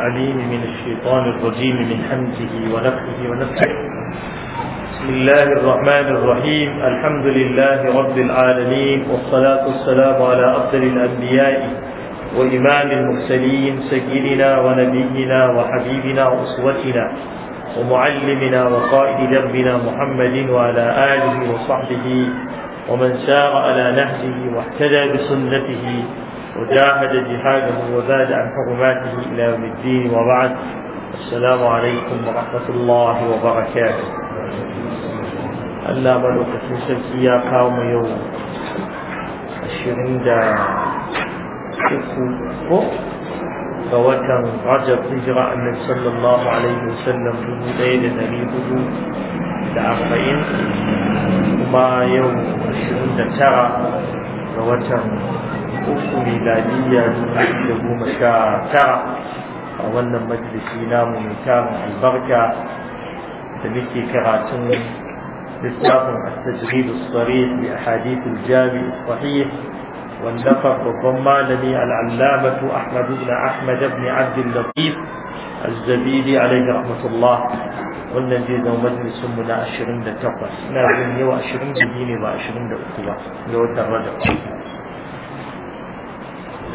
العليم من الشيطان الرجيم من حمده ونفخه ونفخه بسم الله الرحمن الرحيم الحمد لله رب العالمين والصلاة والسلام على أفضل الأنبياء وإمام المرسلين سيدنا ونبينا وحبيبنا وأسوتنا ومعلمنا وقائد دربنا محمد وعلى آله وصحبه ومن سار على نهجه واهتدى بسنته وجاهد جهاده وزاد عن حرماته الى يوم الدين وبعد السلام عليكم ورحمه الله وبركاته. ألا ملوك في سلكي يا قوم يوم الشريندا شكو فوتن رجب هجرة النبي صلى الله عليه وسلم في ليلة نريده لأربعين وما يوم الشريندا ترى فوتن uku miladiyya dubu da goma sha tara a wannan majalisi namu mai tarin albarka da muke karatun littafin التجريد الصريح لأحاديث الجامع الصحيح والنفر الضمانني العلامة أحمد بن أحمد بن عبد اللطيف الزبيدي عليه رحمة الله wannan zai zama majalisun mu na 28 ina jin yau 20 ne ba 23 ba ga watan Rajab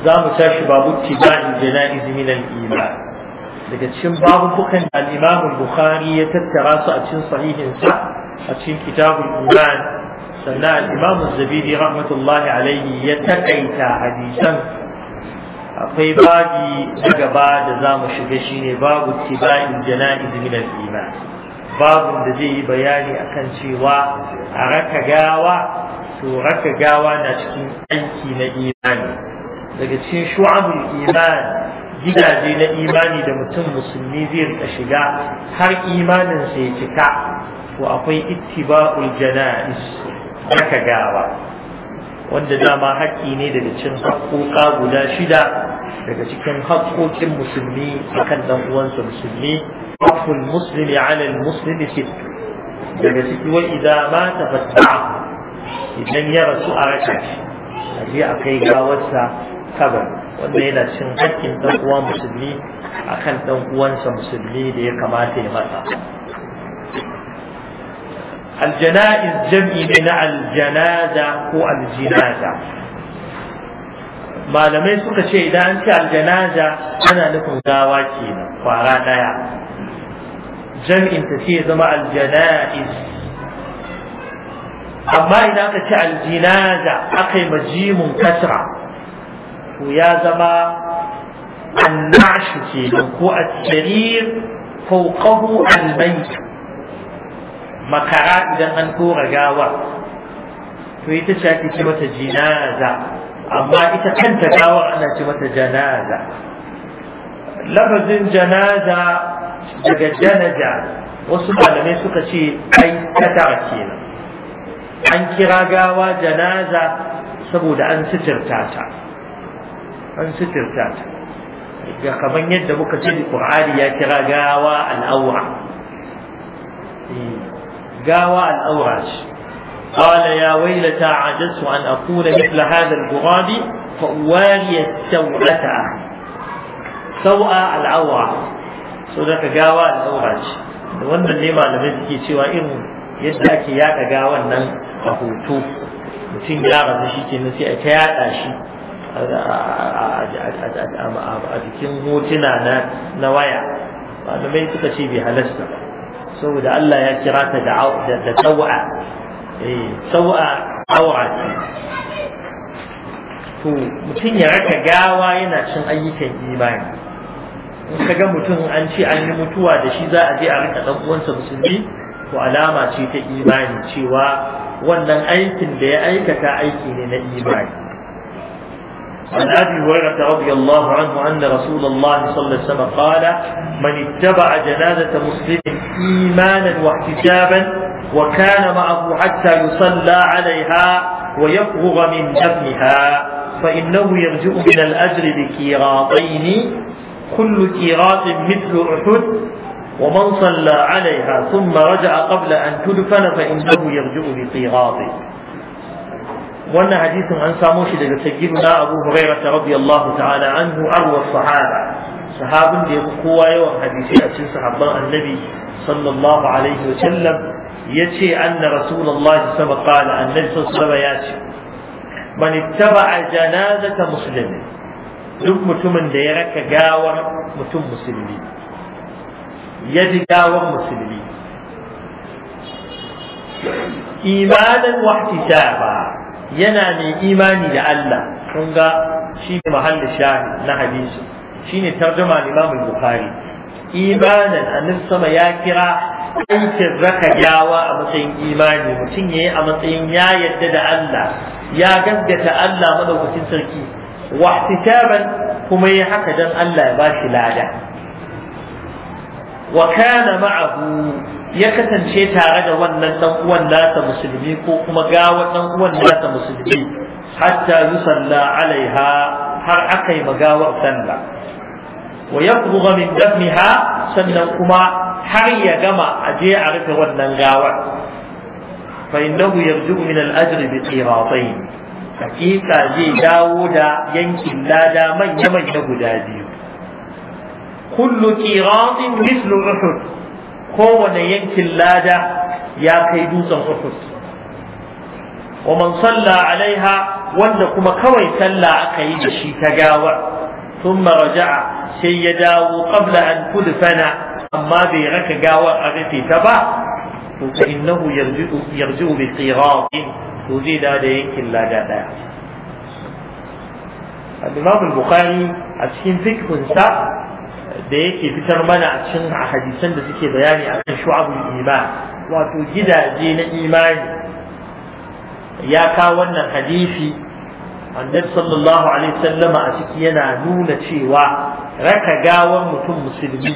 za mu tashi babu tiba'in jana'iz min iman daga cikin babu da al-Imam Bukhari ya tattara su a cikin sahihin sa a cikin kitabul iman sannan al-Imam Zabiri rahmatullahi alaihi ya takaita hadisan akwai babi na gaba da za mu shiga shine babu tiba'in jana'iz min iman Babu da zai yi bayani akan cewa a raka gawa to raka gawa na cikin aiki na imani daga cikin shu'abul iman gidaje na imani da mutum musulmi zai rika shiga har imanin sa ya cika to akwai ittiba'ul jana'is aka gawa wanda dama haƙƙi ne daga cikin haƙƙoƙa guda shida daga cikin haƙƙoƙin musulmi akan dan uwansa musulmi haqqul muslimi 'ala al-muslimi sitt daga ciki wa idza mata fatta idan ya rasu a raka shi a kai gawarsa kabar wanda yana cin hakkin dan uwa musulmi akan dan uwansa musulmi da ya kamata ya masa الجنائز جمعي من الجنازة هو الجنازة malamai suka ce idan an ce aljanaza ana nufin gawa kenan kwara daya jam'in ta sai zama aljanaiz amma idan aka ce aljinaza aka yi majimun kasra to ya zama annashu kenan ko at-sarir fawqahu al makara idan an tora gawa to ita ce ake ce mata jinaza amma ita kanta gawar ana ce mata janaza lafazin janaza daga janaja wasu malamai suka ce ai katara kenan an kira gawa janaza saboda an sitirta ta an sitirta ga kaman yadda muka ce Qur'ani ya kira gawa al'aura eh, gawa al'aura ce قال يا ويلتى عجزت أن أقول مثل هذا الغراب فأواري السوءة سوء العورة سوء gawa al'aura ce wannan ne malamai suke cewa irin yadda ake yaɗa gawan nan a hoto mutum ya rasu shi kenan yaɗa shi a jikin hotuna na waya malamai suka ce bai halasta ba saboda Allah ya kira ta da da tawa eh, tawa mutum ya raka gawa yana cin ayyukan imani in ka ga mutum an ce an yi mutuwa da shi za a je a rika dan uwansa musulmi to alama ce ta imani cewa wannan aikin da ya aikata aiki ne na imani عن ابي هريره رضي الله عنه ان رسول الله صلى الله عليه وسلم قال من اتبع جنازه مسلم ايمانا واحتسابا وكان معه حتى يصلى عليها ويفرغ من دفنها فانه يرجع من الاجر بكيراطين كل كيراط مثل احد ومن صلى عليها ثم رجع قبل ان تدفن فانه يرجع بقيراطه wannan hadisin an samo shi daga sayyiduna Abu Hurairah radiyallahu ta'ala anhu arwa sahaba sahabin da ya fi kowa yawan hadisi a cikin sahabban annabi sallallahu alaihi wa sallam ce anna rasulullah sallallahu alaihi qala annabi sallallahu alaihi ya ce man a janazata musulmi. duk mutumin da ya raka gawar mutum musulmi ya ji gawar musulmi imanan wa ihtisaba yana mai imani da Allah kun ga shi ne mahallin shahi na hadisi shi ne tarjuma Imam Bukhari imanin annabi sama ya kira aikin raka a matsayin imani mutum yayi a matsayin ya yadda da Allah ya gaggata Allah madaukakin sarki wa kuma ya haka dan Allah ya ba shi lada wa kana ma'ahu ya kasance tare da wannan dan uwan nasa musulmi ko kuma gawar dan uwan nasa musulmi hatta yusalla alaiha har aka yi magawar sallah wa yaqbugha min dafniha sannan kuma har ya gama a je a rufe wannan gawar fa innahu yarji'u min al-ajr bi qiratayn hakika zai dawo da yankin lada manya manya guda biyu kullu qiratin mislu uhud kowane yankin lada ya kai dutsen uhud wa man salla alaiha wanda kuma kawai sallah aka yi da shi ta gawar thumma raja'a sai ya dawo qabla an tudfana amma bai raka gawar a rufe ta ba to fa innahu yarji'u yarji'u bi qirat to zai da da yankin lada daya al-imam al-bukhari a cikin fikhunsa da yake fitar mana a cikin hadisan da suke bayani akan shu'abul iman wato gidaje na imani ya kawo wannan hadisi annabi sallallahu alaihi wasallama a ciki yana nuna cewa raka gawan mutum musulmi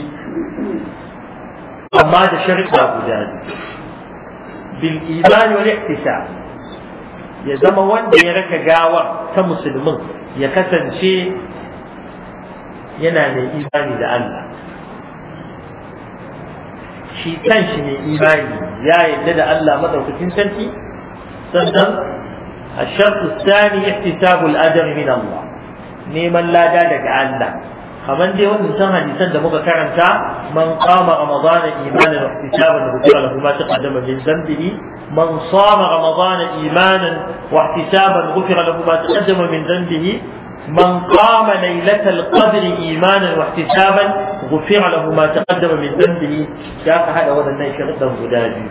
amma da sharuɗa guda bil imani wal ya zama wanda ya raka gawar ta musulmin ya kasance yana mai imani da Allah shi kanshi mai imani ya yadda da Allah madaukakin sarki sannan A shartu Sani الثاني احتساب الأجر min Allah. Neman lada daga Allah. Kamar dai wannan san hadisan da muka karanta man qama ramadan imanan wa ihtisaban ghufira lahu ma taqaddama min dhanbihi man sama ramadan imanan wa ihtisaban ghufira lahu ma taqaddama min dhanbihi من قام ليلة القدر إيمانا واحتسابا غفر له ما تقدم من ذنبه شاف هذا ولا نيشغل غدادي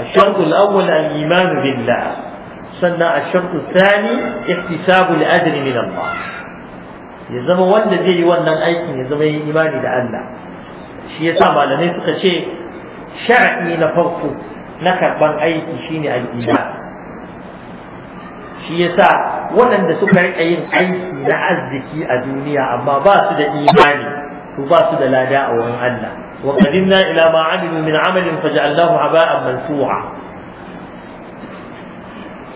الشرط الأول الإيمان بالله سنة الشرط الثاني احتساب الأجر من الله يزم ولا زي ولا أيكن يزم إيمان لله شيء سامع لنفسك شيء شرعي نفرقه نكبر أيكن شيني الإيمان shi yasa waɗanda suka riƙa yin aiki na arziki a duniya amma ba su da imani to ba su da lada a wurin Allah wa qadimna ila ma amilu min amalin faj'alnahu haba'an mansura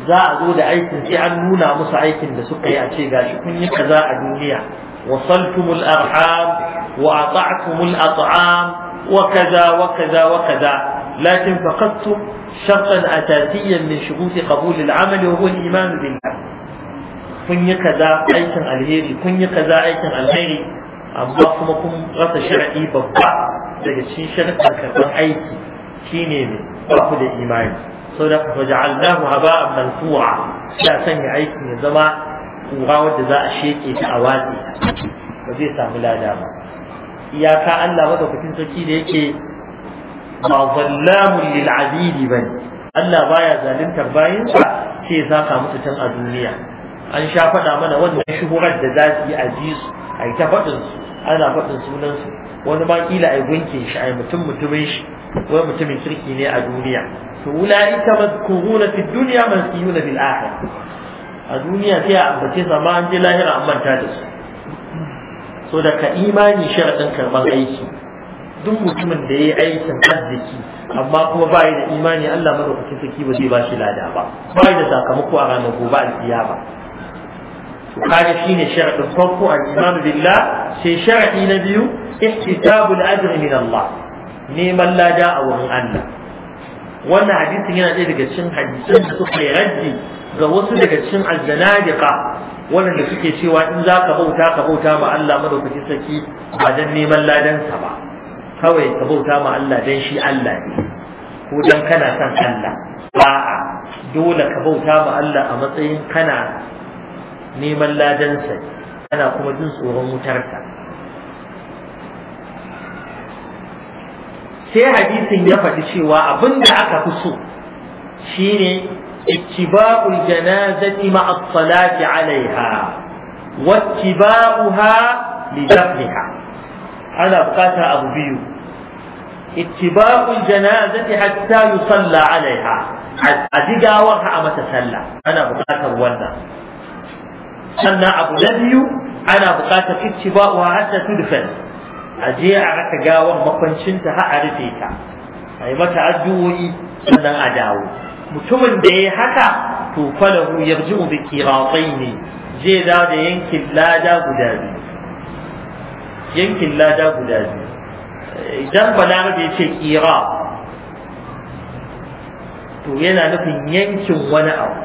za a zo da aikin sai an nuna musu aikin da suka yi a ce gashi kun yi kaza a duniya وصلتم الأرحام وأطعتم الأطعام وكذا وكذا وكذا لكن فقدت شرطا أساسيا من شروط قبول العمل وهو الإيمان بالله kaza aikin alheri, kun yi kaza aikin alheri, amma kuma kun rasa sharadi babba daga cikin sharadin karban aiki shine ne ba ku da imani saboda ku haba haba'an mansura ya sanya aikin ya zama kura wanda za a sheke ta a watsi ba zai samu lada ba iyaka Allah madaukakin sarki da yake ba zallamun lil ba ne. Allah baya zaluntar sa ce ya saka mutu tun a duniya an sha faɗa mana wannan shuhurar da za su yi a ji a yi ta faɗin su ana faɗin sunan su wani ma kila ai gunkin shi a yi mutum mutumin shi wani mutumin kirki ne a duniya to wula ita ulaika mazkuruna fi duniya dunya yi bil akhirah a duniya sai a ambace su amma an je lahira an manta da su so da ka imani sharadin karɓar aiki duk mutumin da ya yi aikin arziki amma kuma ba da imani Allah madaukakin sarki ba zai ba shi lada ba ba da sakamako a ranar gobe alkiyama to kaga shine sharadin farko al-iman billah sai sharadi na biyu ihtisabul ajr min Allah neman lada a wurin Allah wannan hadisin yana ɗaya daga cikin hadisan da suka yi raddi ga wasu daga cikin aljanadiqa wanda suke cewa in za ka bauta ka bauta ma Allah madaukakin sarki ba dan neman ladansa ba kawai ka bauta ma Allah dan shi Allah ne ko dan kana son Allah a'a dole ka bauta ma Allah a matsayin kana neman ladan sa kana kuma jin tsoron wutarsa sai hadisin ya faɗi cewa abinda aka fi so shine ittiba'ul janazati ma'a salati 'alayha wattiba'uha li dafniha ana bukatar abu biyu ittiba'ul janazati hatta yusalla alaiha a jigawar a mata sallah ana bukatar wannan sannan abu na biyu ana bukatar ittiba'u hatta tudfan aje je a raka gawar makwancinta har a rufe ta a yi mata addu'o'i sannan a dawo mutumin da ya haka to falahu yarji'u bi qiratayn je da yankin lada guda biyu yankin lada guda biyu idan balarabe ya ce kira to yana nufin yankin wani abu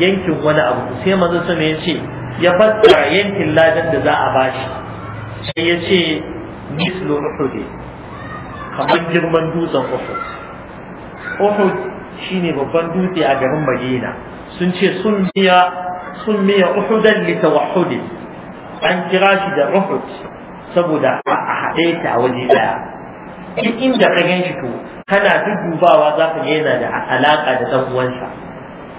yankin wani abu sai manzo sama ya ce ya fassara yankin ladan da za a bashi sai ya ce mislu uhud kamar girman dutsen uhud uhud shine babban dutse a garin madina sun ce sun miya sun miya uhudan li tawahhudi an kira shi da Uhud saboda a haɗe ta a waje ɗaya duk inda ka gan shi to kana dubawa za ka yana da alaƙa da ɗan uwansa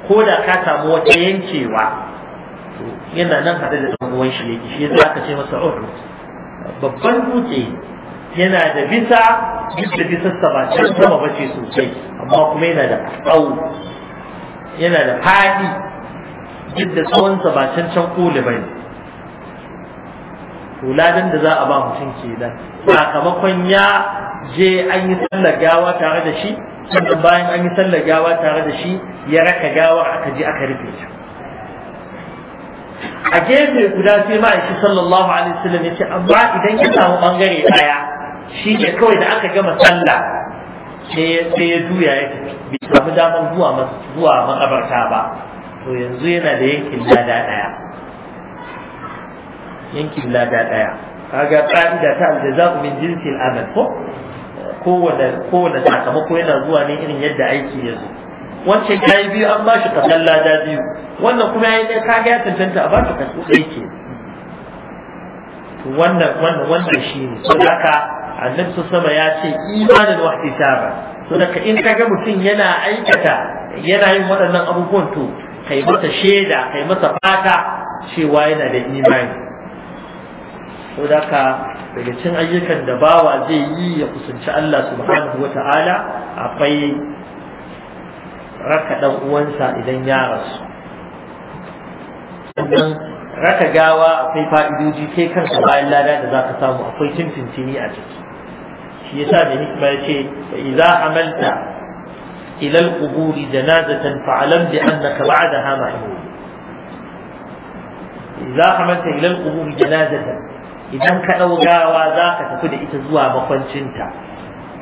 ko da ka samu wata yankewa yana nan haɗe da ɗan uwan shi yake shi za ka ce masa Uhud babban dutse yana da bisa duk da bisarsa ba can sama ba sosai amma kuma yana da tsawo yana da faɗi duk da tsawonsa ba can can ƙoli ba to ladan da za a ba mutum ke kenan sakamakon ya je an yi sallar gawa tare da shi sannan bayan an yi sallar gawa tare da shi ya raka gawa aka je aka rufe ta a gefe guda sai ma'aiki sallallahu alaihi wasallam ya ce amma idan ya samu bangare daya shi ne kawai da aka gama sallah sai ya juya ya tafi bai samu damar zuwa makabarta ba to yanzu yana da yankin dada daya yanki lada daya kaga ka'ida ta aljaza'u min jinsil amal ko kowane kowane sakamako yana zuwa ne irin yadda aiki ya zo wancan yi biyu an ba shi kasan lada biyu wannan kuma yayi ne kaga ya tantance a ba shi kaso ɗaya ke wannan wannan wannan ne. so haka annabi sama ya ce imanin wahtisaba so daga in kaga mutum yana aikata yana yin waɗannan abubuwan to kai masa shaida kai masa fata cewa yana da imani ko da ka daga cin ayyukan da bawa zai yi ya kusanci Allah subhanahu wa ta'ala akwai raka dan uwansa idan ya rasu sannan raka gawa akwai fa'idoji kai kanka bayan lada da ka samu akwai tintintini a ciki shi yasa mai hikima ya ce idza amalta ila al-qubur janazatan fa'alam bi annaka ba'daha mahmud إذا حملت إلى القبور جنازة idan ka ɗau gawa za ka tafi da ita zuwa bakwancinta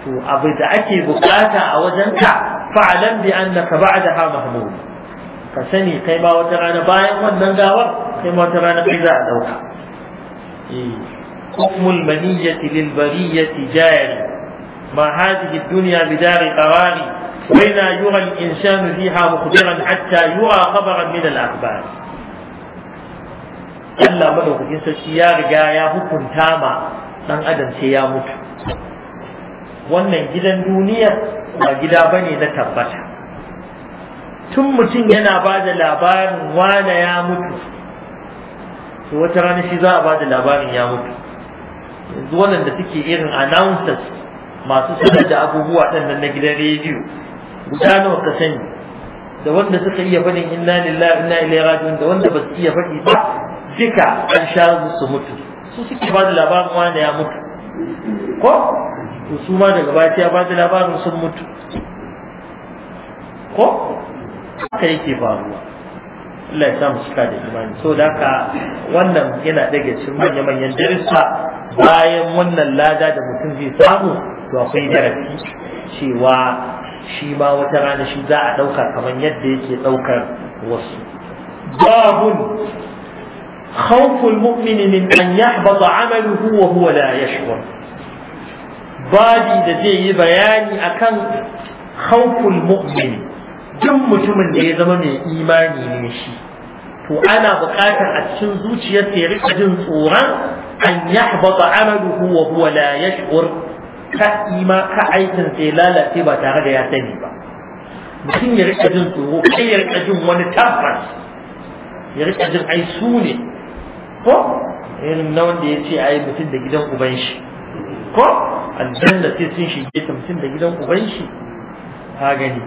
to abu da ake bukata a wajenka fa'alan bi annaka ba'daha mahmud ka sani kai ba wata rana bayan wannan gawar kai ma wata rana kai za a ɗauka حكم المنية للبرية جاري ما هذه الدنيا بدار قرار وإذا يرى الإنسان فيها مخبرا حتى يرى خبرا من الأخبار Allah madaukakin sarki ya riga ya hukunta ma dan adam sai ya mutu wannan gidan duniya ba gida bane na tabbata tun mutum yana ba da labarin wane ya mutu to wata rana shi za a ba da labarin ya mutu yanzu waɗanda suke irin announcers masu sanar da abubuwa ɗannan na gidan rediyo guda nawa ka sani da wanda suka iya faɗin inna lillahi inna ilaihi raji'un da wanda ba su iya faɗi ba duka an sha musu mutu su suke ba da labarin wani ya mutu ko to su ma daga baya ya ba da labarin sun mutu ko haka yake faruwa Allah ya sa mu da imani so da haka wannan yana daga cikin manya-manyan darussa bayan wannan lada da mutum zai samu to akwai darasi cewa shi ma wata rana shi za a ɗauka kamar yadda yake ɗaukar wasu babun خوف المؤمن من أن يحبط عمله وهو لا يشعر بادي دزي بياني أكن خوف المؤمن جم متمن دي زمن إيماني نشي to ana buƙatar a cikin zuciyar ya rika jin tsoron an yahbata amaluhu wa huwa la yash'ur ka ima sai lalace ba tare da ya sani ba mutum ya rika jin tsoro ya jin wani tabbas ya rika jin ne ko irin na wanda ya ce a yi mutum da gidan uban shi ko aljanna sai sun shige ta mutum da gidan uban shi ka gani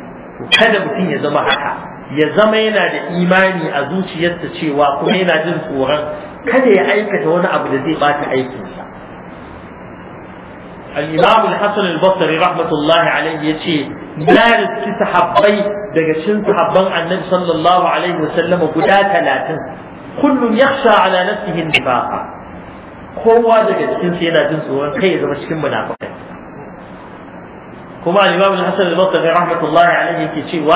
kada mutum ya zama haka ya zama yana da imani a zuciyarsa cewa kuma yana jin tsoron kada ya aikata wani abu da zai bata aikinsa al-imam al-hasan al-basri rahmatullahi alayhi yace na riski habbai daga cikin sahabban annabi sallallahu alaihi wasallam guda talatin كل يخشى على نفسه النفاق هو ذلك الشيء سينا جنس وكي يزم الشكم منافق كما الإمام الحسن المطلق رحمة الله عليه في شيء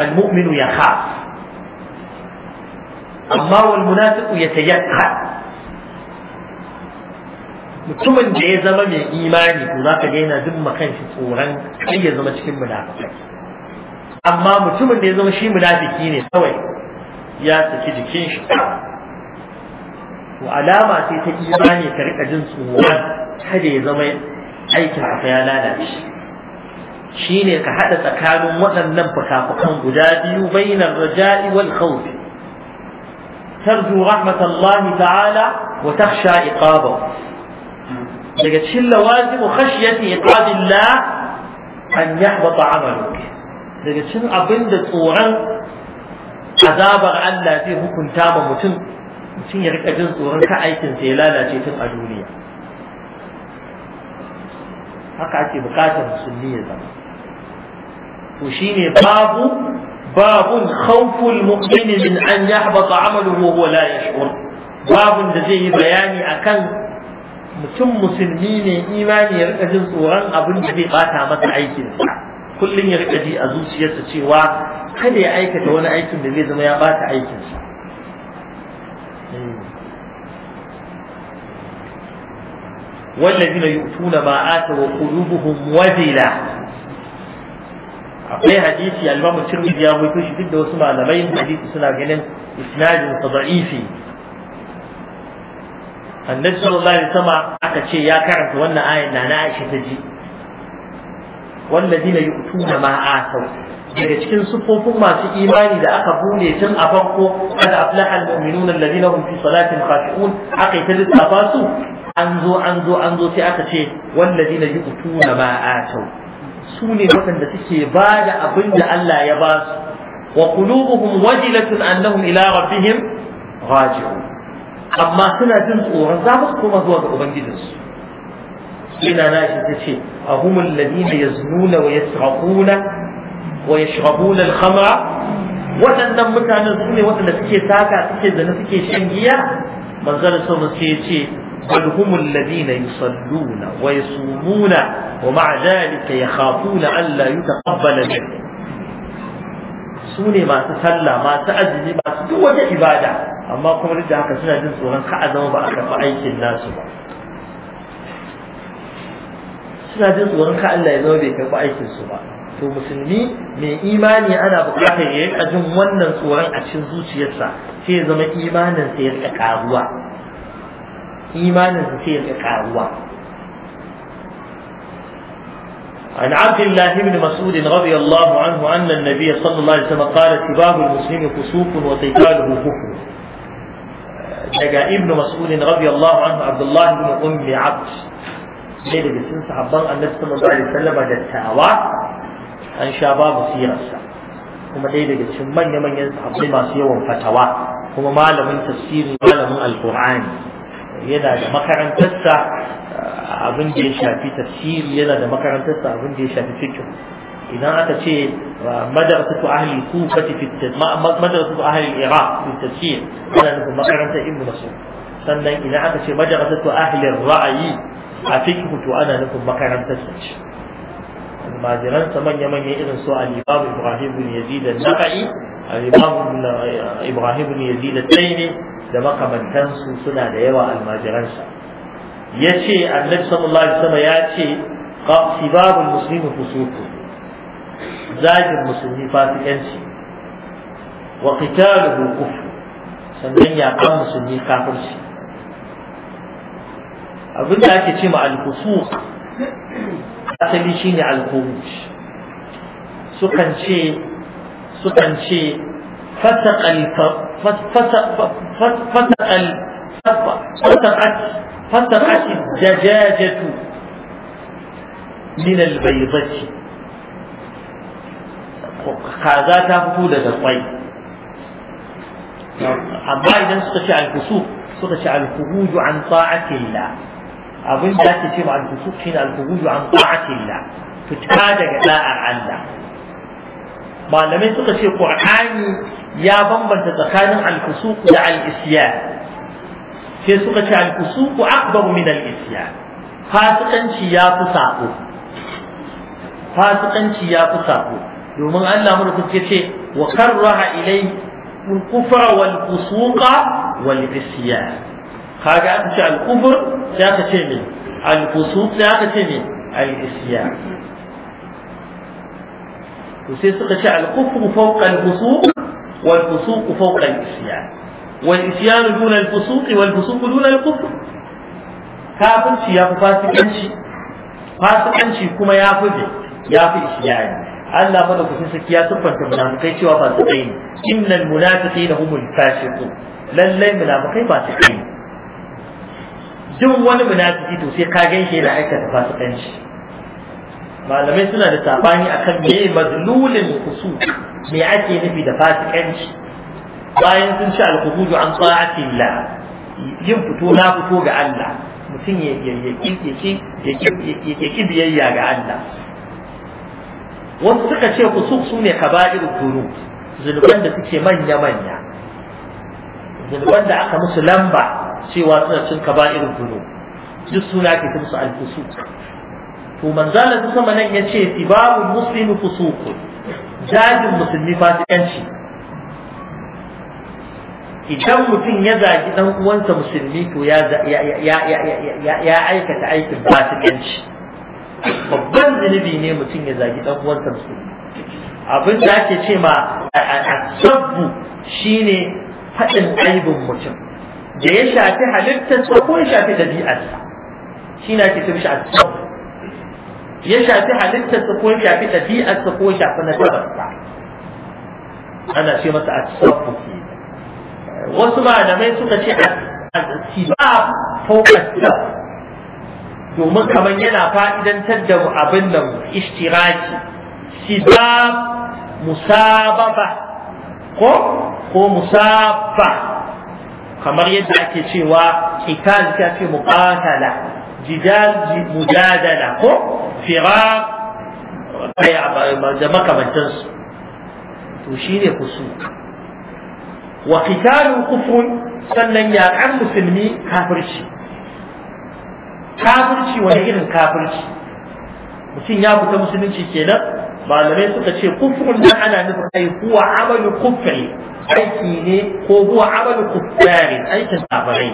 المؤمن يخاف أما والمنافق يتيقن mutumin da ya zama mai imani to za ka yana duk makan shi tsoron kai ya zama cikin munafiki amma mutumin da ya ya saki jikin shi to alama sai ta imani ka rika jin tsoron kada ya zama aikin ka ya lalace shine ka hada tsakanin waɗannan fukafukan guda biyu bainar raja'i wal khawf tarju rahmatallahi ta'ala wa takhsha iqaba daga cikin lawazim khashyati iqabillah an yahbata amaluka daga cikin abinda tsoron azabar Allah zai hukunta ma mutum mutum ya rika jin tsoron ka aikin ya lalace tun a duniya haka ake bukatar musulmi ya zama to ne babu babun khawful mu'min min an yahbata amaluhu wa la yash'ur babun da zai yi bayani akan mutum musulmi ne imani ya rika jin tsoron abin da zai bata masa aikin sa kullun ya rika ji a zuciyarsa cewa kada ya aikata wani aikin da zai zama ya bata aikinsa والذين يؤتون ما آتوا وقلوبهم وجلة akwai hadisi al-Imam Tirmidhi ya rawaito shi duk da wasu malamai hadisi suna ganin isnadin sa da'ifi Annabi sallallahu alaihi wasallam aka ce ya karanta wannan ayan na na Aisha ta ji walladina yu'tuna ma atau daga cikin sufofin masu imani da aka bude tun a farko kada aflahal mu'minuna alladhina hum fi salatin khashi'un aka ta lissafa su an zo an zo an zo sai aka ce walladhina yu'tuna ma atau su ne waɗanda suke ba da abin da Allah ya ba su wa qulubuhum wajilatun annahum ila rabbihim raji'un amma suna jin tsoron za su koma zuwa ga ubangijinsu ina na shi ta ce ahumul ladina yaznuna wa yasraquna wa yashrabuna khamra waɗannan mutanen su ne waɗanda suke saka suke zane suke shan giya manzon sallallahu alaihi wasallam ce bal humul ladina yusalluna wa sumuna wa ma'a dhalika yakhafuna Allah la yutaqabbala minhum su ne masu sallah masu azumi masu duk wata ibada amma kuma duk da haka suna jin tsoron ka a zama ba a karɓi aikin nasu ba suna jin tsoron ka Allah ya zama bai karɓi aikin su ba to musulmi mai imani ana bukatar ya rika jin wannan tsoron a cikin zuciyarsa sai ya zama imanin sa ya rika karuwa imanin sa sai ya rika karuwa عن عبد الله بن مسعود رضي الله عنه أن النبي صلى الله عليه وسلم قال سباب المسلم فسوق وقتاله كفر دقا ابن مسعود رضي الله عنه عبد الله بن أم عبد ليه ده سن صحابان النبي صلى الله عليه وسلم دتاوا an sha babu sirarsa kuma ɗaya daga cikin manya-manyan sahabbai masu yawan fatawa kuma malamin tafsiri malamin alkur'ani yana da makarantarsa abin da ya shafi tafsiri yana da makarantarsa abin da ya shafi fiqh idan aka ce madrasatu ahli kufati fi madrasatu ahli iraq fi tafsir yana nufin makarantar ibnu mas'ud sannan idan aka ce madrasatu ahli ra'ayi a fiqh to ana nufin makarantarsa ce majiransa manya-manya irin su al-imam ibrahim bin yazid al-naqai al eh, ibrahim bin yazid al-taymi da makamantansu suna da yawa almajiransa ya ce annabi sallallahu alaihi wasallam ya ce sibabul muslimi fusuku zagin musulmi fasikanci wa qitaluhu kufr sannan yaƙan musulmi kafirci abin da ake ce ma al-fusuq داخلي شيني على الخروج سخن شيء سخن شيء فسق الفرق فسق فسق فسقت الدجاجة من البيضة هذا تابو لدى الطيب أما إذا سخش على الفسوق سخش على الخروج عن طاعة الله abin da ake ce ma al-fusuq shine al-khuruju an fita daga da'ar Allah malamai suka ce qur'ani ya bambanta tsakanin al da al-isyan sai suka ce al akbar min al-isyan fasikanci ya fi sako fasikanci ya fi sako domin Allah mulku ya ce wa karraha ilai kufra wal fusuqa wal isyan kaga an ce al-kufr sai aka ce me al-fusuq sai aka ce me al-isyan to sai suka ce al-kufr fawqa al-fusuq wal fusuq fawqa al-isyan wal isyan dun al-fusuq wal fusuq dun al-kufr kafirci ya fi fasikanci fasikanci kuma ya fi bi, ya fi isyani Allah madaukakin sarki ya siffanta munafikai cewa fasikai ne innal munafiqina humul fasiqun lallai munafikai fasikai ne duk wani munafiki to sai ka gan shi aika da fasikanci malamai suna da sabani akan me mazlulin kusu me ake nufi da fasikanci bayan sun ci alkhuruju an ta'ati Allah yin fito na fito ga Allah mutum ya ya biyayya ga Allah wasu suka ce kusu su ne kaba'irul dhunub zunuban da suke manya manya zunuban da aka musu lamba cewa suna cin kaba'ir zunub duk suna ke ta musu to manzala ta sama nan yace tibabul muslimi fusuq jajin musulmi fasikanci idan mutum ya zagi dan uwansa musulmi to ya ya aikata aikin fasikanci babban zunubi ne mutum ya zagi dan uwansa musulmi abin da ake ce ma a sabbu shine faɗin aibin mutum da ya shafi halittarsa ko ya shafi ɗabi'arsa shi na ke tumshi a ya shafi halittarsa ko ya shafi ɗabi'arsa ko ya shafi nasararsa ana ce masa a tsawo wasu mai suka ce a siba focus domin kamar yana fa'idantar da mu abin da ishtiraki siba musababa ko ko musabba kamar yadda ake cewa qital ta ce muqatala jidal mujadala ko firar da su, to ne kusur wa qitalu kufrun sannan yaƙar musulmi kafirci kafirci wani irin kafirci mutum ya fita musulunci kenan malamai suka ce kufrun nan ana nufin ai huwa amalu kufri aiki ne ko huwa amalu kuffari aikin kafirai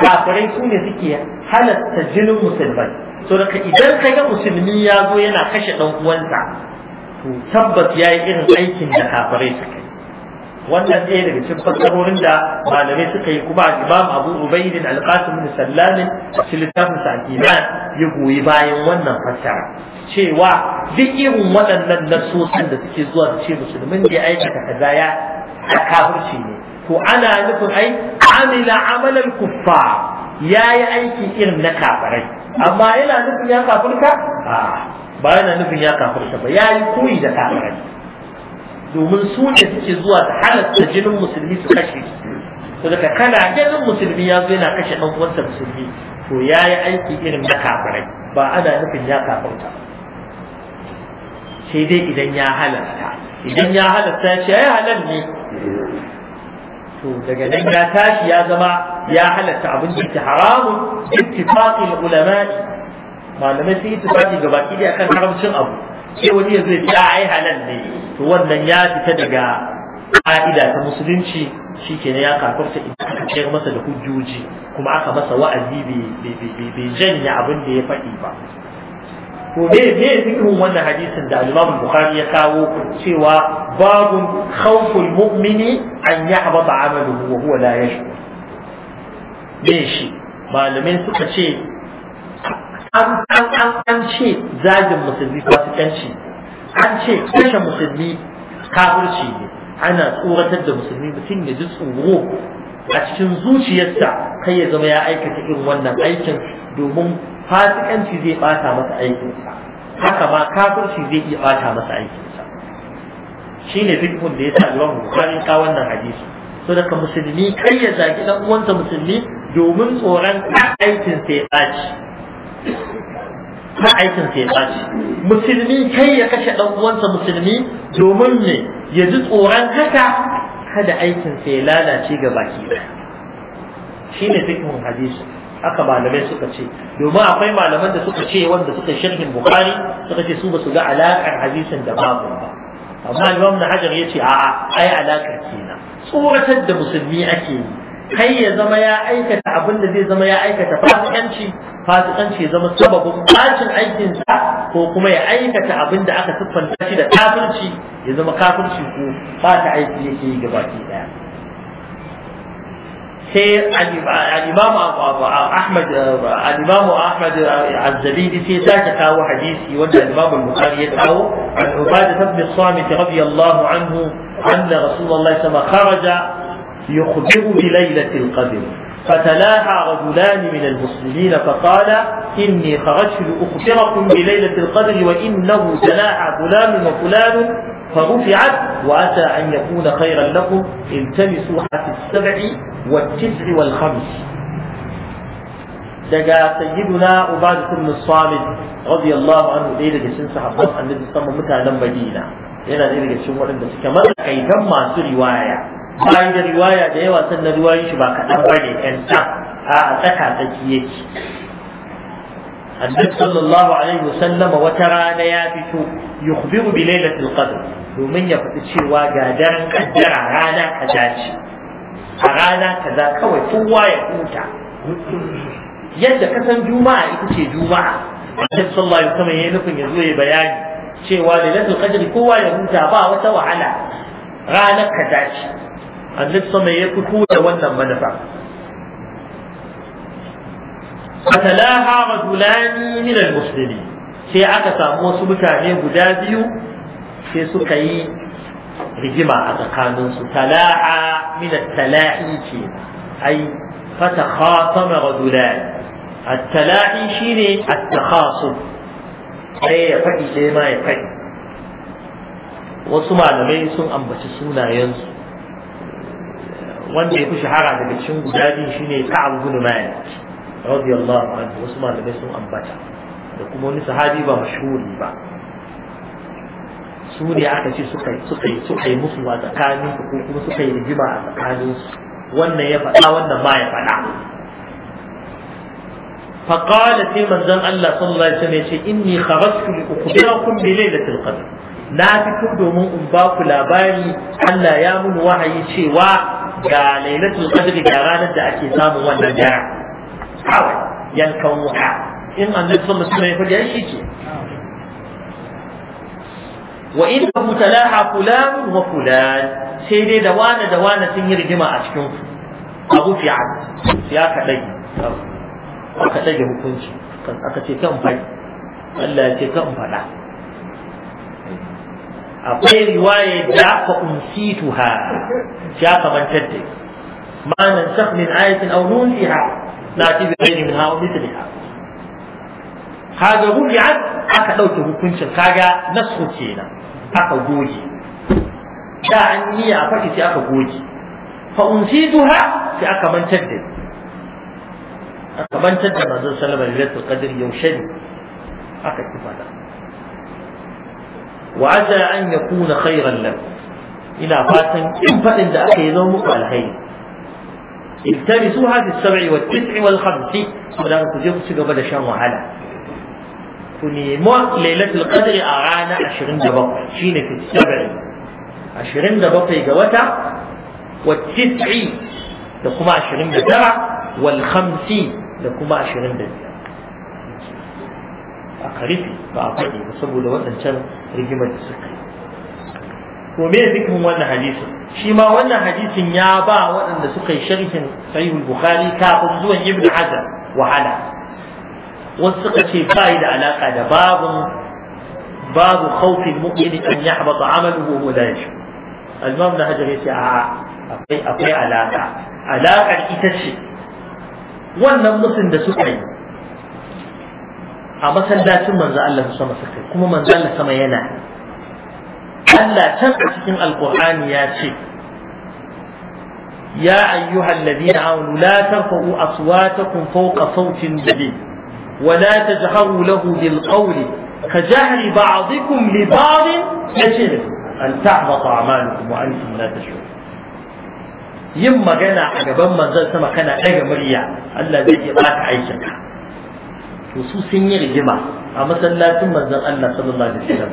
kafirai su ne suke halatta jinin musulmai so daga idan ka ga musulmi ya zo yana kashe dan uwansa to tabbas ya yi irin aikin da kafirai suka yi wannan ɗaya daga cikin fassarorin da malamai suka yi kuma imam abu ubaidin alqasim bin sallamin a cikin littafin sa iman ya goyi bayan wannan fassara cewa duk irin waɗannan nasosin da suke zuwa su ce musulmin da ya aikata kaza ya kafirci ne ko ana nufin ai amila amalan kuffa ya yi aiki irin na kafirai amma yana nufin ya kafirka ba yana nufin ya kafirka ba ya yi koyi da kafirai domin su ne suke zuwa da halatta jinin musulmi su kashe to daga kana jinin musulmi ya zo yana kashe ɗan uwansa musulmi to ya yi aiki irin na kafirai ba ana nufin ya kafirta sai dai idan ya halatta idan ya halatta ya ce ya halal ne to daga nan ya tashi ya zama ya halatta abin da yake haramun ittifaqil ulama malamai sun yi tufafi ga baki da akan haramcin abu sai wani ya zai ce ai halal ne to wannan ya fita daga ka'ida ta musulunci shikenan ya kafarta idan aka ciyar masa da hujjoji kuma aka masa wa'azi bai janya abin da ya faɗi ba to me me fikin wannan hadisin da Imam Bukhari ya kawo cewa babu khawful mu'mini an yahbata amaluhu wa huwa la yashku me shi malamin suka ce an an an an ce zagin musulmi fasikanci an ce kashe musulmi kafirci ne ana tsoratar da musulmi mutum ya ji tsoro a cikin zuciyarsa kai ya zama ya aikata irin wannan aikin domin fasikanci zai bata masa aikinsa haka ma kafirci zai iya bata masa aikinsa shine wanda da yasa Imam Bukhari ka wannan hadisi so daga musulmi kai ya zagi dan uwansa musulmi domin tsoron aikin sai baci Ka aikin sai baci musulmi kai ya kashe dan uwansa musulmi domin ne ya ji tsoron haka kada aikin sai lalace ga baki shine duk mun hadisi haka malamai suka ce domin akwai malaman da suka ce wanda suka sharhin bukhari suka ce su ba su ga alaƙar hadisin da babu ba amma imam na hajar ya ce a'a ai alaƙar kenan tsoratar da musulmi ake yi kai ya zama ya aikata abin da zai zama ya aikata fasikanci fasikanci ya zama sababin bacin aikinsa ko kuma ya aikata abin da aka siffanta shi da kafirci ya zama kafirci ko ba ta aiki yake yi gabaki ɗaya sai al'imamu Ahmad al'imamu Ahmad al-Zabidi sai sake kawo hadisi wanda al'imamu al-Bukhari ya kawo an Ubadah ibn Samit radiyallahu anhu anna Rasulullahi sama kharaja yukhbiru bi lailatil qadr فتلاحى رجلان من المسلمين فقال إني خرجت لأخبركم بليلة القدر وإنه تلاحى فلان وفلان فرفعت وعسى أن يكون خيرا لكم التمسوا حتى السبع والتسع والخمس daga sayyiduna ubad ibn samit radiyallahu anhu dai daga cin sahabban annabi sama mutanen madina yana dai daga cikin waɗanda suke matsakaitan masu riwaya bayan da riwaya da yawa sannan riwayoyin shi ba kaɗan ba ne ƴan a tsaka tsaki yake annabi sallallahu alaihi wasallam wata rana ya fito yukhbiru bi lailatul qadr domin ya faɗi cewa ga daren kaddara rana kaza ce a rana kaza kawai kowa ya huta yadda ka san juma'a ita ce juma'a annabi sallallahu alaihi wasallam yayin nufin ya zo ya bayani cewa lailatul qadr kowa ya huta ba wata wahala ranar ka dace annabi sallallahu alaihi wasallam ya fito da wannan manufa فتلاها رجلان من المسلمين sai aka samu wasu mutane guda biyu sai suka yi rigima a tsakaninsu tala'a min tala'i ce ai fata khatama rajulani shine شيني التخاصم Ai ya faɗi ɗaya ma ya faɗi wasu malamai sun ambaci sunayensu wanda ya fi shahara daga cikin guda biyu shine Ka'ab bin Malik radiyallahu anhu wasu malamai sun ambata da kuma wani sahabi ba mashhuri ba su ne aka ce suka yi musu a tsakanin ko kuma suka yi rigima a tsakanin su wannan ya faɗa wannan ma ya faɗa فقال في منزل الله صلى الله عليه وسلم إني خرجت لأخبركم بليلة القدر na fito domin in ba ku labari Allah ya mun wahayi cewa ga lailatul qadr ga ranar da ake samun wannan dara yankan in annabi sallallahu alaihi wasallam ya faɗi shi ke wa in ka mutalaha fulan wa fulan sai dai da wani da wani sun yi rigima a cikin abu fi fi'al ya kadai aka dage hukunci aka ce kan fadi Allah ce kan faɗa. akwai riwaya da fa unsituha ya kamantar da ma nan sakh min ayatin aw nunsiha la tibni min hawa mithliha kaga rubi'at aka dauke hukuncin kaga nasu kenan aka goge da an niyya a faɗi sai aka goge fa unsituha sai aka mantar da aka mantar da manzon sallama lailatul qadr yaushe ne aka ki fada wa asa an yakuna khairan lakum ina fatan in faɗin da aka yi zama muku alkhairi التمسوها في السبع والتسع والخمس ولا تجيب سجبة شان وهلا ku nemo lailatul qadri a rana 27 shine fitsabai 27 ga wata wa tis'i da kuma 29 wal 50 da kuma 25 a karifi ba a faɗi ba saboda waɗancan rigimar da suka yi to me zikin wannan hadisin shi ma wannan hadisin ya ba waɗanda suka yi sharhin sahihul bukhari kafin zuwan ibnu hajar wahala wasu suka ce ba da alaƙa da babun babu khawfin mu'mini an ba amaluhu wa la yashkur al-imam na hajar yace a akwai akwai alaƙa. Alaƙar ita ce wannan mutum da suka yi a masallacin manzo Allah sama suka yi kuma manzo Allah sama yana Allah can a cikin alqur'ani ya ce يا أيها الذين آمنوا لا ترفعوا أصواتكم فوق صوت النبي ولا تجهروا له بالقول كجهر بعضكم لبعض يجهر أن تحبط أعمالكم وأنتم لا تشعرون yin magana a gaban manzon sama kana ɗaga murya Allah zai iya baka aikin ka to su sun yi rigima a masallacin manzon Allah sallallahu alaihi wasallam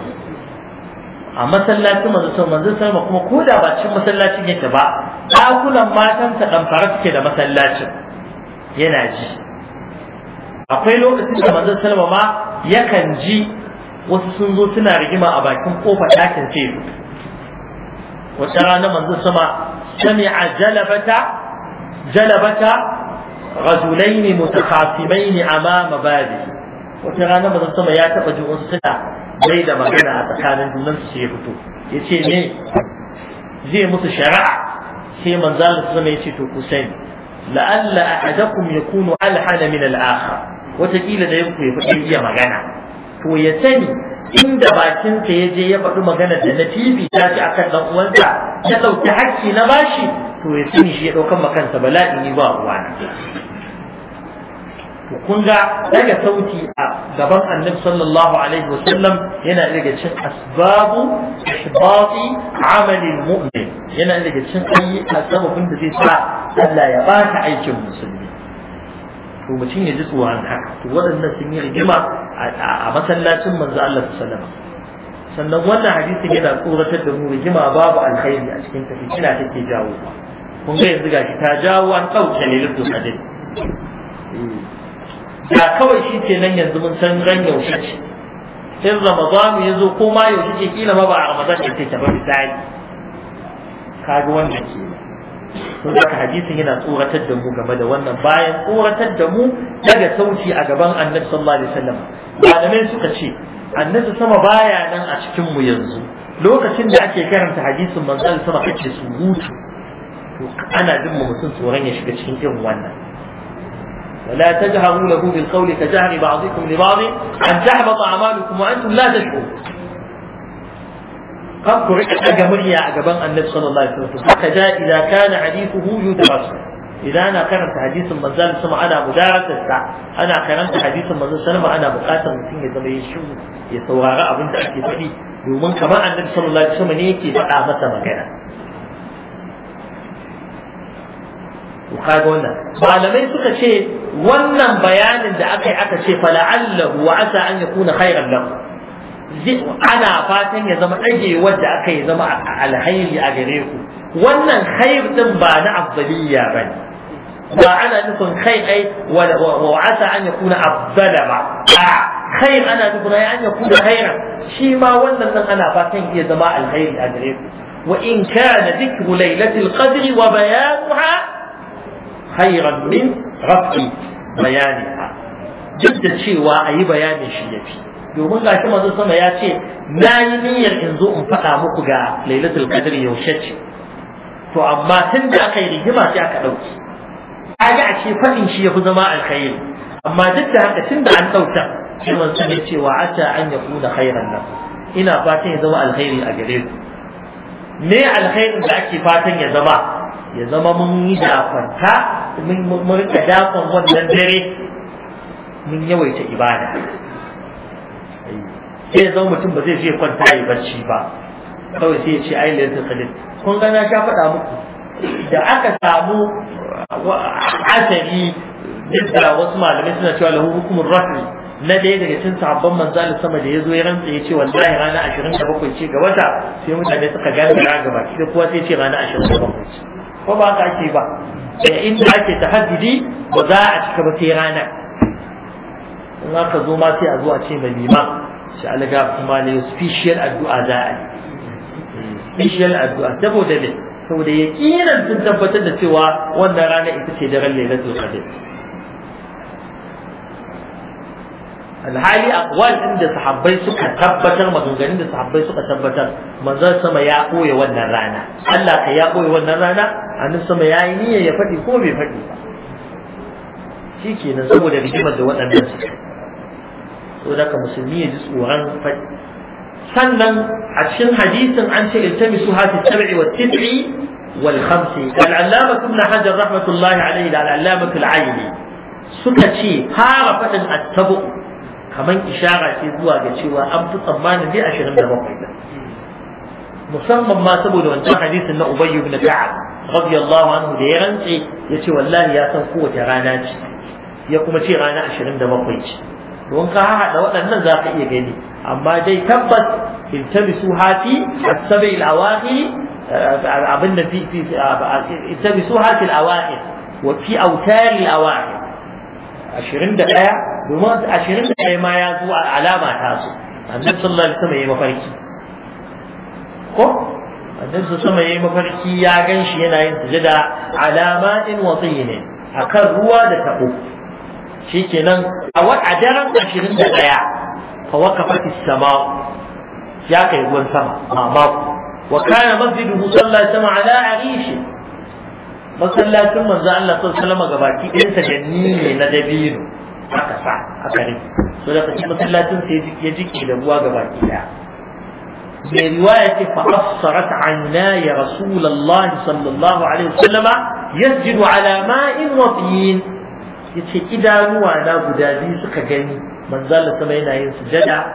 a masallacin manzon sama manzon sama kuma ko da ba cikin masallacin yake ba ɗakunan matan ta kamfara suke da masallacin yana ji akwai lokacin da manzon sallama ma yakan ji wasu sun zo suna rigima a bakin kofar ɗakin sai wata rana manzon sama a jalabata jalabata rajulain mutakhasimain amama badi wata rana manzon sama ya taba ji wasu suna bai da magana a tsakanin junan su ya fito yace ne zai musu shari'a sai manzon sama yace to ku sani la'alla ya yakunu alhana min al wataƙila da yanku ya faɗi iya magana to ya sani inda bakinsa ya je ya faɗi magana da na fifita shi akan ɗan uwansa ya ɗauki hakki na bashi to ya sani shi ya ɗaukan makansa bala'i ni ba uwana to kun ga daga sauti a gaban annabi sallallahu alaihi wa sallam yana daga cin asbabu ihbati amalin mu'min yana daga cin ayyuka sababin da zai sa Allah ya bata aikin musulmi to mutum ya ji tsoron haka to waɗannan sun yi rigima a masallacin manzo Allah sallama sannan wannan hadisin yana tsoratar da mu rigima babu alkhairi a cikin tafi kina take jawo kun ga yanzu gashi ta jawo an ɗauke ne lifin hadin eh. ya kawai shi ke nan yanzu mun san ran yaushe ce sai ramadan ya zo ko ma yaushe ke kila ma ba a ramadan ke ta ba misali kaga wannan ke ko da hadisin yana tsoratar da mu game da wannan bayan tsoratar da mu daga sauci a gaban annabi sallallahu alaihi wasallam malamai suka ce annabi sama baya nan a cikin mu yanzu lokacin da ake karanta hadisin manzon sama kace su hutu to ana jin mu mutum tsoron ya shiga cikin irin wannan ولا تجهروا له بالقول كجهر بعضكم لبعض أن تحبط أعمالكم وأنتم لا تشعرون kan ku riƙa daga murya a gaban annabi sallallahu alaihi wasallam haka da idan kana hadithuhu yudras idan ana karanta hadisin manzo sama ana mudarakar sa ana karanta hadisin manzo sallama ana buƙatar mutum ya zama ya shiru ya saurari abin da ake faɗi domin kamar annabi sallallahu alaihi wasallam ne yake faɗa masa magana Ku kaga wannan malamai suka ce wannan bayanin da aka yi aka ce fala'allahu wa asa an yakuna khairan lahu ana fatan ya zama ɗage wanda aka yi zama alhairi a gare ku wannan khair din ba na afdaliya ba ne ba ana nufin kai ai wa asa an ya kuna afdala ba a khair ana nufin ai an ya kuna khairan shi ma wannan nan ana fatan ya zama alhairi a gare ku wa in kana dhikru laylatil qadri wa bayanuha khairan min rafi bayaniha duk da cewa ayi bayanin shi yafi domin ga shi manzo sama ya ce na yi niyyar in zo in faɗa muku ga lailatul qadr yaushe ce to amma tun da aka yi rigima sai aka ɗauki yi a ce faɗin shi ya fi zama alkhairi amma duk da haka tun da an ɗauka sai manzo ya ce wa ata an kuna khairan nan, ina fatan ya zama alkhairi a gare ku me alkhairin da ake fatan ya zama ya zama mun yi dafarta mun rika dafan wannan dare mun yawaita ibada sai zama mutum ba zai je kwanta yi barci ba kawai sai ya ce ai lailatul qadr kun ga na sha faɗa muku da aka samu asari duk da wasu malamai suna cewa lahu hukumur rafi na ɗaya daga cikin sahabban manzali sama da ya zo ya rantsa ya ce wallahi rana ashirin da bakwai ce ga wata sai mutane suka gane rana baki, da kuwa sai ce rana ashirin da bakwai ce ko ba haka ake ba da inda ake tahaddidi ba za a cika ba sai rana in aka zo ma sai a zo a ce mai liman shi alaga kuma ne special addu'a za a yi special addu'a saboda ne saboda ya kiran sun tabbatar da cewa wannan rana ita ce daren lailatul qadr alhali aqwal inda sahabbai suka tabbatar maganganun da sahabbai suka tabbatar manzon sama ya koya wannan rana Allah ka ya koya wannan rana annabi sama ya yi niyya ya faɗi ko bai faɗi ba shikenan saboda rigimar da waɗannan suka ko daga musulmi ya ji tsoron faɗi sannan a cikin hadisin an ce iltamisu hafi sab'i wa tis'i wal khamsi al-allama ibn hajar rahmatullahi alayhi da al-allama al-aini suka ce fara faɗin attabu kamar ishara ce zuwa ga cewa an fi tsammanin dai ashirin da bakwai musamman ma saboda wancan hadisin na ubayyu ibn ka'ab radiyallahu anhu da ya rantse ya ce wallahi ya san kowace rana ce ya kuma ce rana ashirin da bakwai ce don ka haɗa waɗannan za ka iya gani amma dai tabbas iltabisu hafi as-sab'i al-awakhir eh, abin da fi iltabisu hafi al-awakhir wa fi awtar al-awakhir 21 domin 21 ma ya zo alama ta su, annabi sallallahu alaihi wasallam ya mafarki ko annabi sallallahu alaihi wasallam mafarki ya ganshi yana yin sujada alamatin wa tinin akan ruwa da tabo shikenan a a daren ashirin da ɗaya fa waqafat fati sama ya kai ruwan sama mamako wa kana masjiduhu sallallahu alaihi wasallam ala arishi masallacin manzo Allah sallallahu alaihi wasallam gabaki ɗayan sa ni ne na dabiru. aka sa aka ne so da kashi masallacin sai ya jike da ruwa gabaki ɗaya mai riwaya ce fa assarat anna ya rasulullahi sallallahu alaihi wasallam yasjudu ala ma'in wa tin yace idanuwa na guda biyu suka gani manzo Allah sama yana yin sujada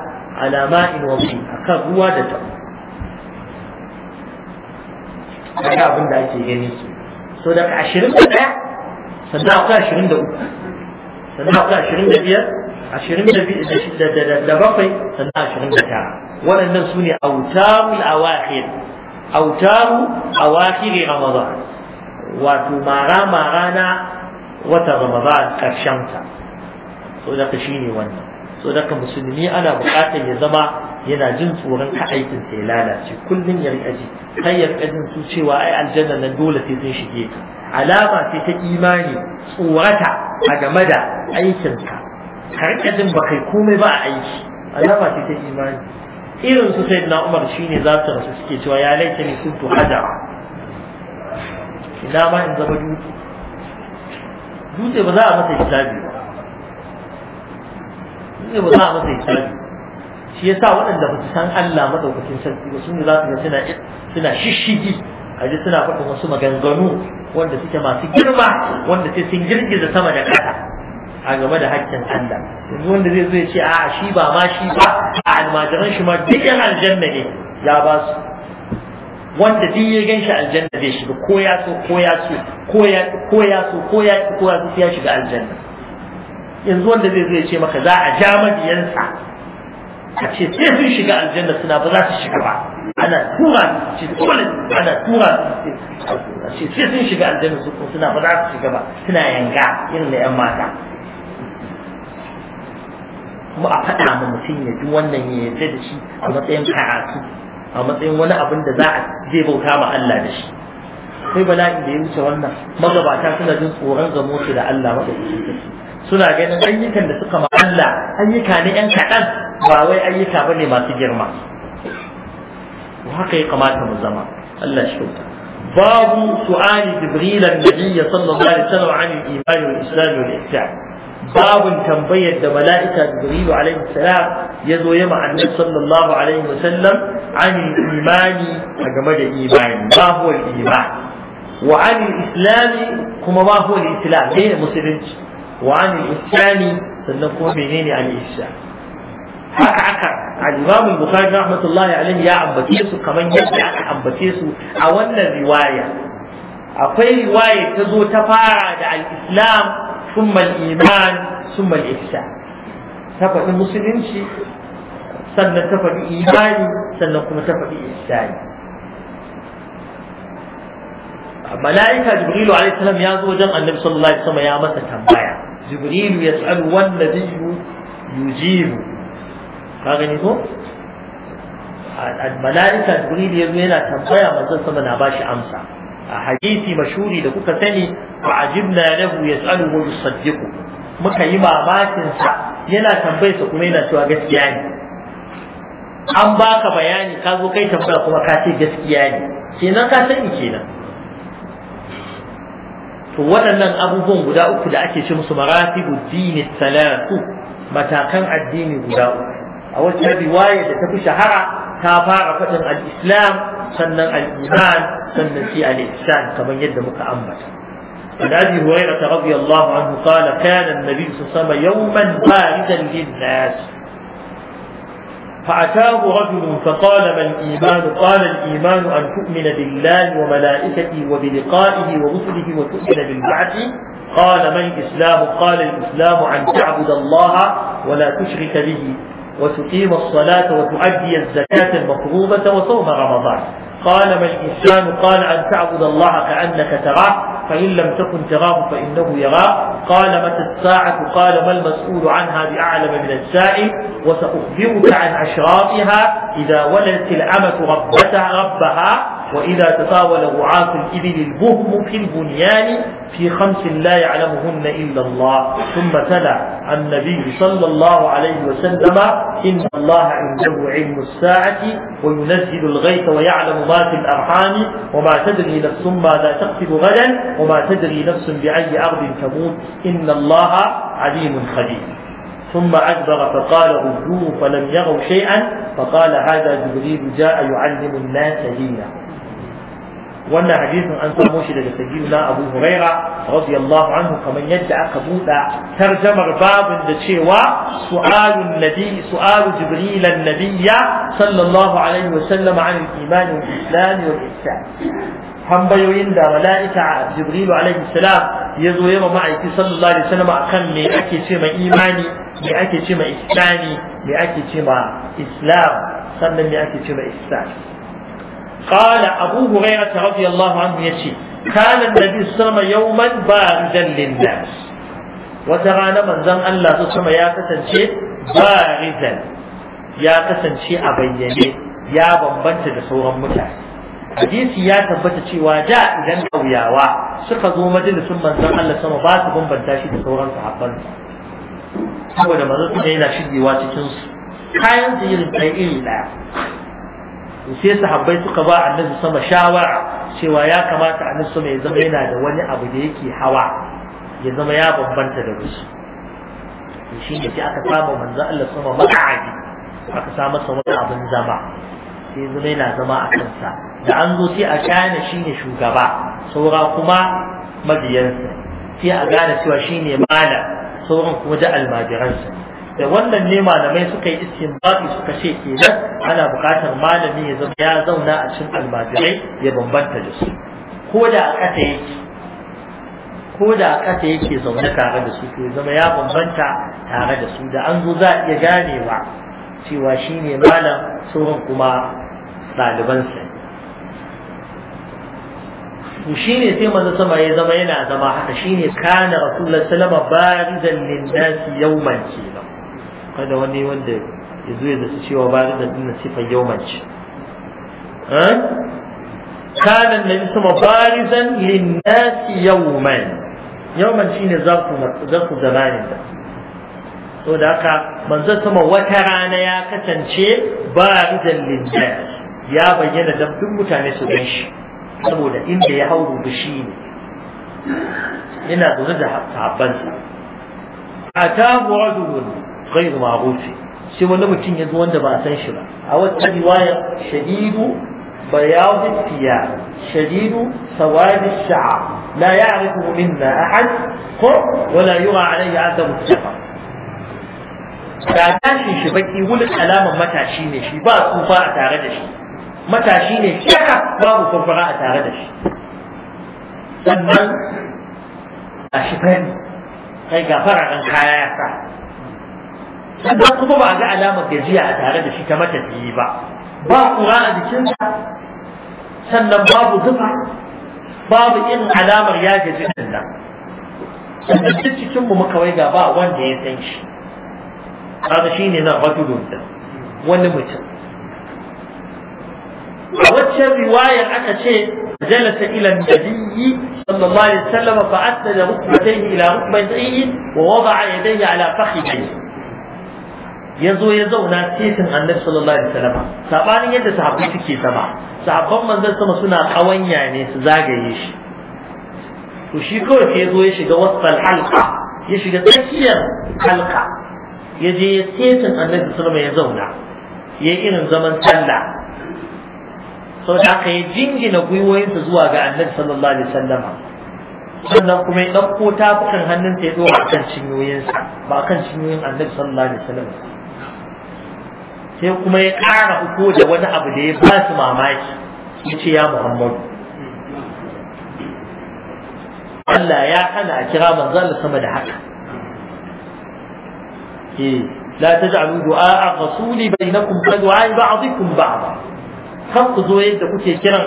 ala ma'in wa fi akan ruwa da A kaga abin da ake gani so daga ashirin da 21 sannan akwai uku, sannan akwai biyar, ashirin da da bakwai sannan ashirin da tara waɗannan su ne autarul awahir autaru awahiri ramadan wato mara mara na wata ramadan karshen ta so da ka shine wannan so da ka musulmi ana bukatar ya zama yana jin tsoron ka aikin ya lalace kullun ya rika ji kai ya rika su cewa ai aljanna nan dole sai sun shige ta alama sai ta imani tsorata a game da aikin ka ka rika jin ba kai komai ba a aiki alama sai ta imani irin su sai na umar shine za su rasu suke cewa ya laita ni kuntu hada ina ma in zama dutse dutse ba za a masa hisabi dutse ba za a masa hisabi shi yasa waɗanda ba su san Allah madaukakin sarki ba za su ga suna suna shishigi a ji suna faɗin wasu maganganu wanda suke masu girma wanda sai sun girgiza sama da ƙasa a game da haƙƙin Allah yanzu wanda zai zo ya ce a shi ba ma shi ba a almajiran shi ma duk yan aljanna ne ya ba su wanda duk ya shi aljanna zai shiga ko ya so ko ya so ko ya ko ya so ko ya ko ya so ya shiga aljanna yanzu wanda zai zai ce maka za a ja mabiyansa a ce sai sun shiga aljanna suna ba za su shiga ba ana tura ce dole ana tura a ce sai sun shiga aljanna su suna ba za su shiga ba suna yanga irin da yan mata kuma a faɗa ma mutum ya ji wannan ya yarda da shi a matsayin karatu a matsayin wani abin da za a zai bauta ma Allah da shi Akwai bala'in da ya wuce wannan magabata suna jin tsoron ga su da Allah madaukakin shi. suna ganin ayyukan da suka ma Allah ayyuka ne yan kaɗan ba wai ayyuka bane masu girma haka ya kamata mu zama Allah shi kyauta babu su'ali jibril annabi sallallahu alaihi wasallam an al-iman wal islam wal ihsan babun tambayar da mala'ika Jibrilu alaihi salam ya zo ya ma'annabi sallallahu alaihi wasallam an imani a game da imani babu iman wa an islami kuma babu islam ne musulunci wa an islami sannan kuma menene al islam haka haka al-imam al-bukhari rahmatullahi alaihi ya ambace su kaman yadda aka ambace su a wannan riwaya akwai riwaya ta zo ta fara da al-islam ثم الإيمان ثم الإحسان تفعل المسلم شيء سنة تفعل إيمان سنة كما تفعل إحسان ملائكة جبريل عليه السلام يازو جمع النبي صلى الله عليه وسلم يا مسا تنبايا جبريل يسأل والنبي يجيب كاغني هو الملائكة جبريل يزو هنا تنبايا مزل سمنا باشي أمسا a hadisi mashuri da kuka sani fa ajibna ya yas'aluhu wa yusaddiqu muka yi mamakin yana tambayarsa kuma yana cewa gaskiya ne an baka bayani kazo zo kai tambaya kuma ka ce gaskiya ne kenan ka sani kenan to waɗannan abubuwan guda uku da ake ce musu maratibu dini salatu matakan addini guda uku a wata riwaya da ta fi shahara ta fara faɗin al-islam sannan al-iman sannan sai al kamar yadda muka ambata عن ابي هريره رضي الله عنه قال كان النبي صلى الله عليه وسلم يوما باردا للناس فأتاه رجل فقال ما الإيمان؟ قال الإيمان أن تؤمن بالله وملائكته وبلقائه ورسله وتؤمن بالبعث قال ما الإسلام؟ قال الإسلام أن تعبد الله ولا تشرك به وتقيم الصلاة وتؤدي الزكاة المفروضة وصوم رمضان قال ما الإنسان قال أن تعبد الله كأنك تراه فإن لم تكن تراه فإنه يراه قال متى الساعة قال ما المسؤول عنها بأعلم من السائل وسأخبرك عن أشرافها إذا ولدت الأمة ربتها ربها وإذا تطاول رعاة الإبل البهم في البنيان في خمس لا يعلمهن إلا الله ثم تلا النبي صلى الله عليه وسلم إن الله عنده علم الساعة وينزل الغيث ويعلم ما في الأرحام وما تدري نفس ماذا تقصد غدا وما تدري نفس بأي أرض تموت إن الله عليم خبير ثم أدبر فقال ردوه فلم يروا شيئا فقال هذا جبريل جاء يعلم الناس دينا وانا حديث عن سموش لك سجيلنا أبو هريرة رضي الله عنه فمن يدعى قبولا ترجم رباب دشيوا سؤال النبي سؤال جبريل النبي صلى الله عليه وسلم عن الإيمان والإسلام والإحسان tambayoyin da mala'ika jibrilu alaihi salam ya zo yawa ma'aiki sallallahu alaihi wasallam akan me ake ce ma imani me ake ce ma islami me ake ce ma islam sannan me ake ce ma ihsan qala abu hurairah radiyallahu anhu yace kana annabi sallallahu alaihi wasallam yawman baridan linnas wata rana manzon Allah su sama ya kasance baridan ya kasance a bayyane ya bambanta da sauran mutane hadisi ya tabbata cewa da idan kauyawa suka zo majalisin manzan Allah sama ba su bambanta shi da sauran sahabban saboda manzon ne yana shigewa cikin su kayan zirin ɗaya iri ɗaya sai sahabbai suka ba annabi sama shawara cewa ya kamata annabi sama ya zama yana da wani abu da yake hawa ya zama ya bambanta da wasu shi ne sai aka samu manzon Allah sama maka'adi aka samu sama wani abin zama sai zama yana zama a kansa da an zo sai a gane ne shugaba saura kuma mabiyansa sai a gane cewa ne malam sauran kuma da almajiransa da wannan ne malamai suka yi baki suka ce kenan ana buƙatar malami ya zama ya zauna a cikin almajirai ya bambanta da su ko da a ƙasa yake ko da a ƙasa yake zaune tare da su to zama ya bambanta tare da su da an zo za a iya ganewa cewa ne malam sauran kuma ɗalibansa to shine sai manzo sama ya zama yana zama haka shine kana rasulullahi sallallahu alaihi wasallam baridan lin-nasi yawman kenan kada wani wanda ya zo ya zaci cewa baridan din sifar yawman ce eh kana annabi sama baridan lin-nasi yawman yawman shine zarfu zarfu zamanin da saboda haka manzo sama wata rana ya kasance baridan lin-nas ya bayyana da duk mutane su gan shi saboda inda ya hau rubu shi ne yana zaune da sahabbansa atahu rajulun ghayr ma'ruf shi wanda mutum ya zo wanda ba a san shi ba a wata riwaya shadidu bayadu fiya shadidu sawadi sha'a la ya'rifu minna ahad ko wala yura alayhi adabu tafa ga tashi shi baki wulin alamar matashi ne shi ba tsufa a tare da shi matashi ne kyaka babu furfura a tare da shi sannan a shi fari kai ga fararen kaya ya sa sannan kuma ba a ga alamar gajiya a tare da shi ta matafiyi ba ba kura a jikinsa sannan babu zufa babu irin alamar ya gaji din nan sannan duk cikinmu muka waiga ba wanda ya san shi kaga ne nan rajulun wani mutum a waccan riwayar aka ce jalasa ila nabiyyi sallallahu alaihi wasallam fa asnada rukbatayhi ila rukbatayhi wa wada'a yadayhi ala fakhidayhi yazo ya zauna titin annabi sallallahu alaihi wasallam sabanin yadda sahabbai suke sama sahabban manzon sama suna kawanya ne su zagaye shi to shi kawai sai yazo ya shiga wasal halqa ya shiga tsakiyar halqa ya je ya titin annabi sallallahu alaihi wasallam ya zauna ya irin zaman sallah sau da aka yi jingina gwiwoyinsa zuwa ga annabi sallallahu alaihi wasallam sannan kuma ya ɗauko tafukan hannunsa ya kan akan cinyoyinsa ba kan cinyoyin annabi sallallahu alaihi wasallam sai kuma ya ƙara uku da wani abu da ya ba su mamaki ya ce ya muhammadu Allah ya hana a kira Allah sama da haka eh la taj'alu du'a rasuli bainakum ka du'a ba'dikum ba'da kan ku zo yadda kuke kiran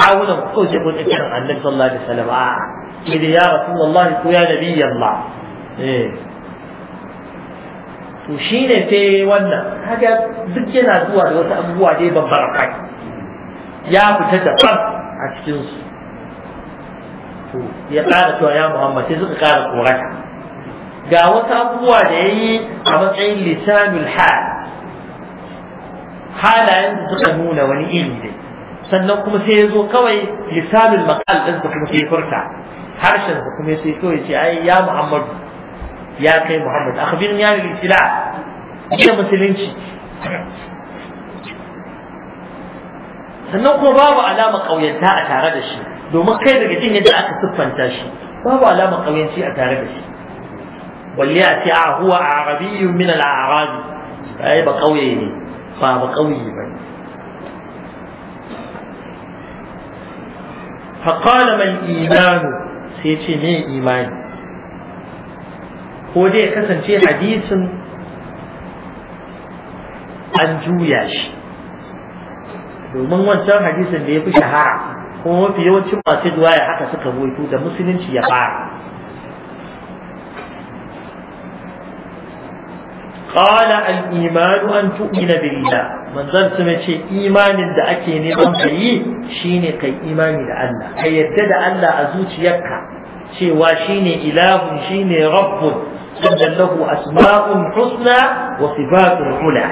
awunan ku kauce kuke kiran annabi sallallahu alaihi wasallam a sai ya rasulullahi ko ya nabi Allah eh to shine sai wannan kaga duk yana zuwa da wasu abubuwa dai babbar kai ya fita da far a cikin su to ya ƙara cewa ya Muhammad sai suka ƙara koraka ga wasu abubuwa da yayi a matsayin lisanul hal halayen suka nuna wani iri dai sannan kuma sai ya zo kawai lisanin makal ɗinsa kuma sai furta harshen sa kuma sai kawai ce ai ya muhammadu ya kai muhammadu akhbirni ya lil islam ina musulunci sannan kuma babu alama ƙauyanta a tare da shi domin kai daga jin yadda aka siffanta shi babu alama ƙauyanci a tare da shi balle a ce a huwa arabiyyun min al-arabi ai ba ƙauye ne ba ba ƙauye ba faƙala mai imanu sai ce ne imani ko dai kasance hadisin an juya shi domin wancan hadisin da ya fi shahara kuma mafi yawancin masu duwaye haka suka ruwaito da musulunci ya fara qala al-iman an tu'mina billah manzon sun ce imanin da ake neman ka yi shine kai imani da Allah kai yarda da Allah a zuciyarka cewa shine ilahun shine rabbun sannan lahu asma'un husna wa sifatun ula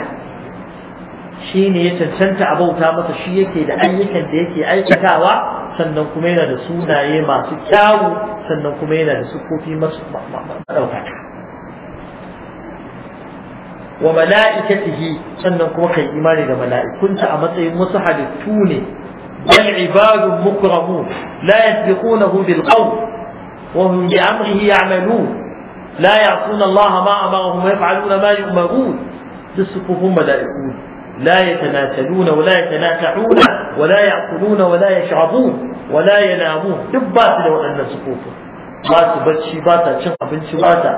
shine ya cancanta a bauta masa shi yake da ayyukan da yake aikatawa sannan kuma yana da sunaye masu kyawu sannan kuma yana da sukofi masu ɗaukaka wa mala'ikatihi sannan kuma kai imani da mala'ikunta a matsayin wasu halittu ne bal ibadun mukramu la yasbiqunahu bil qawl wa hum bi amrihi ya'malun la ya'suna Allah ma amarahum wa yaf'aluna ma yu'marun dukkan mala'iku لا يتناسلون ولا يتناكحون ولا يأكلون ولا يشربون ولا ينامون دبات لو أن سقوطهم ba su bacci ba ta cin abinci ba ta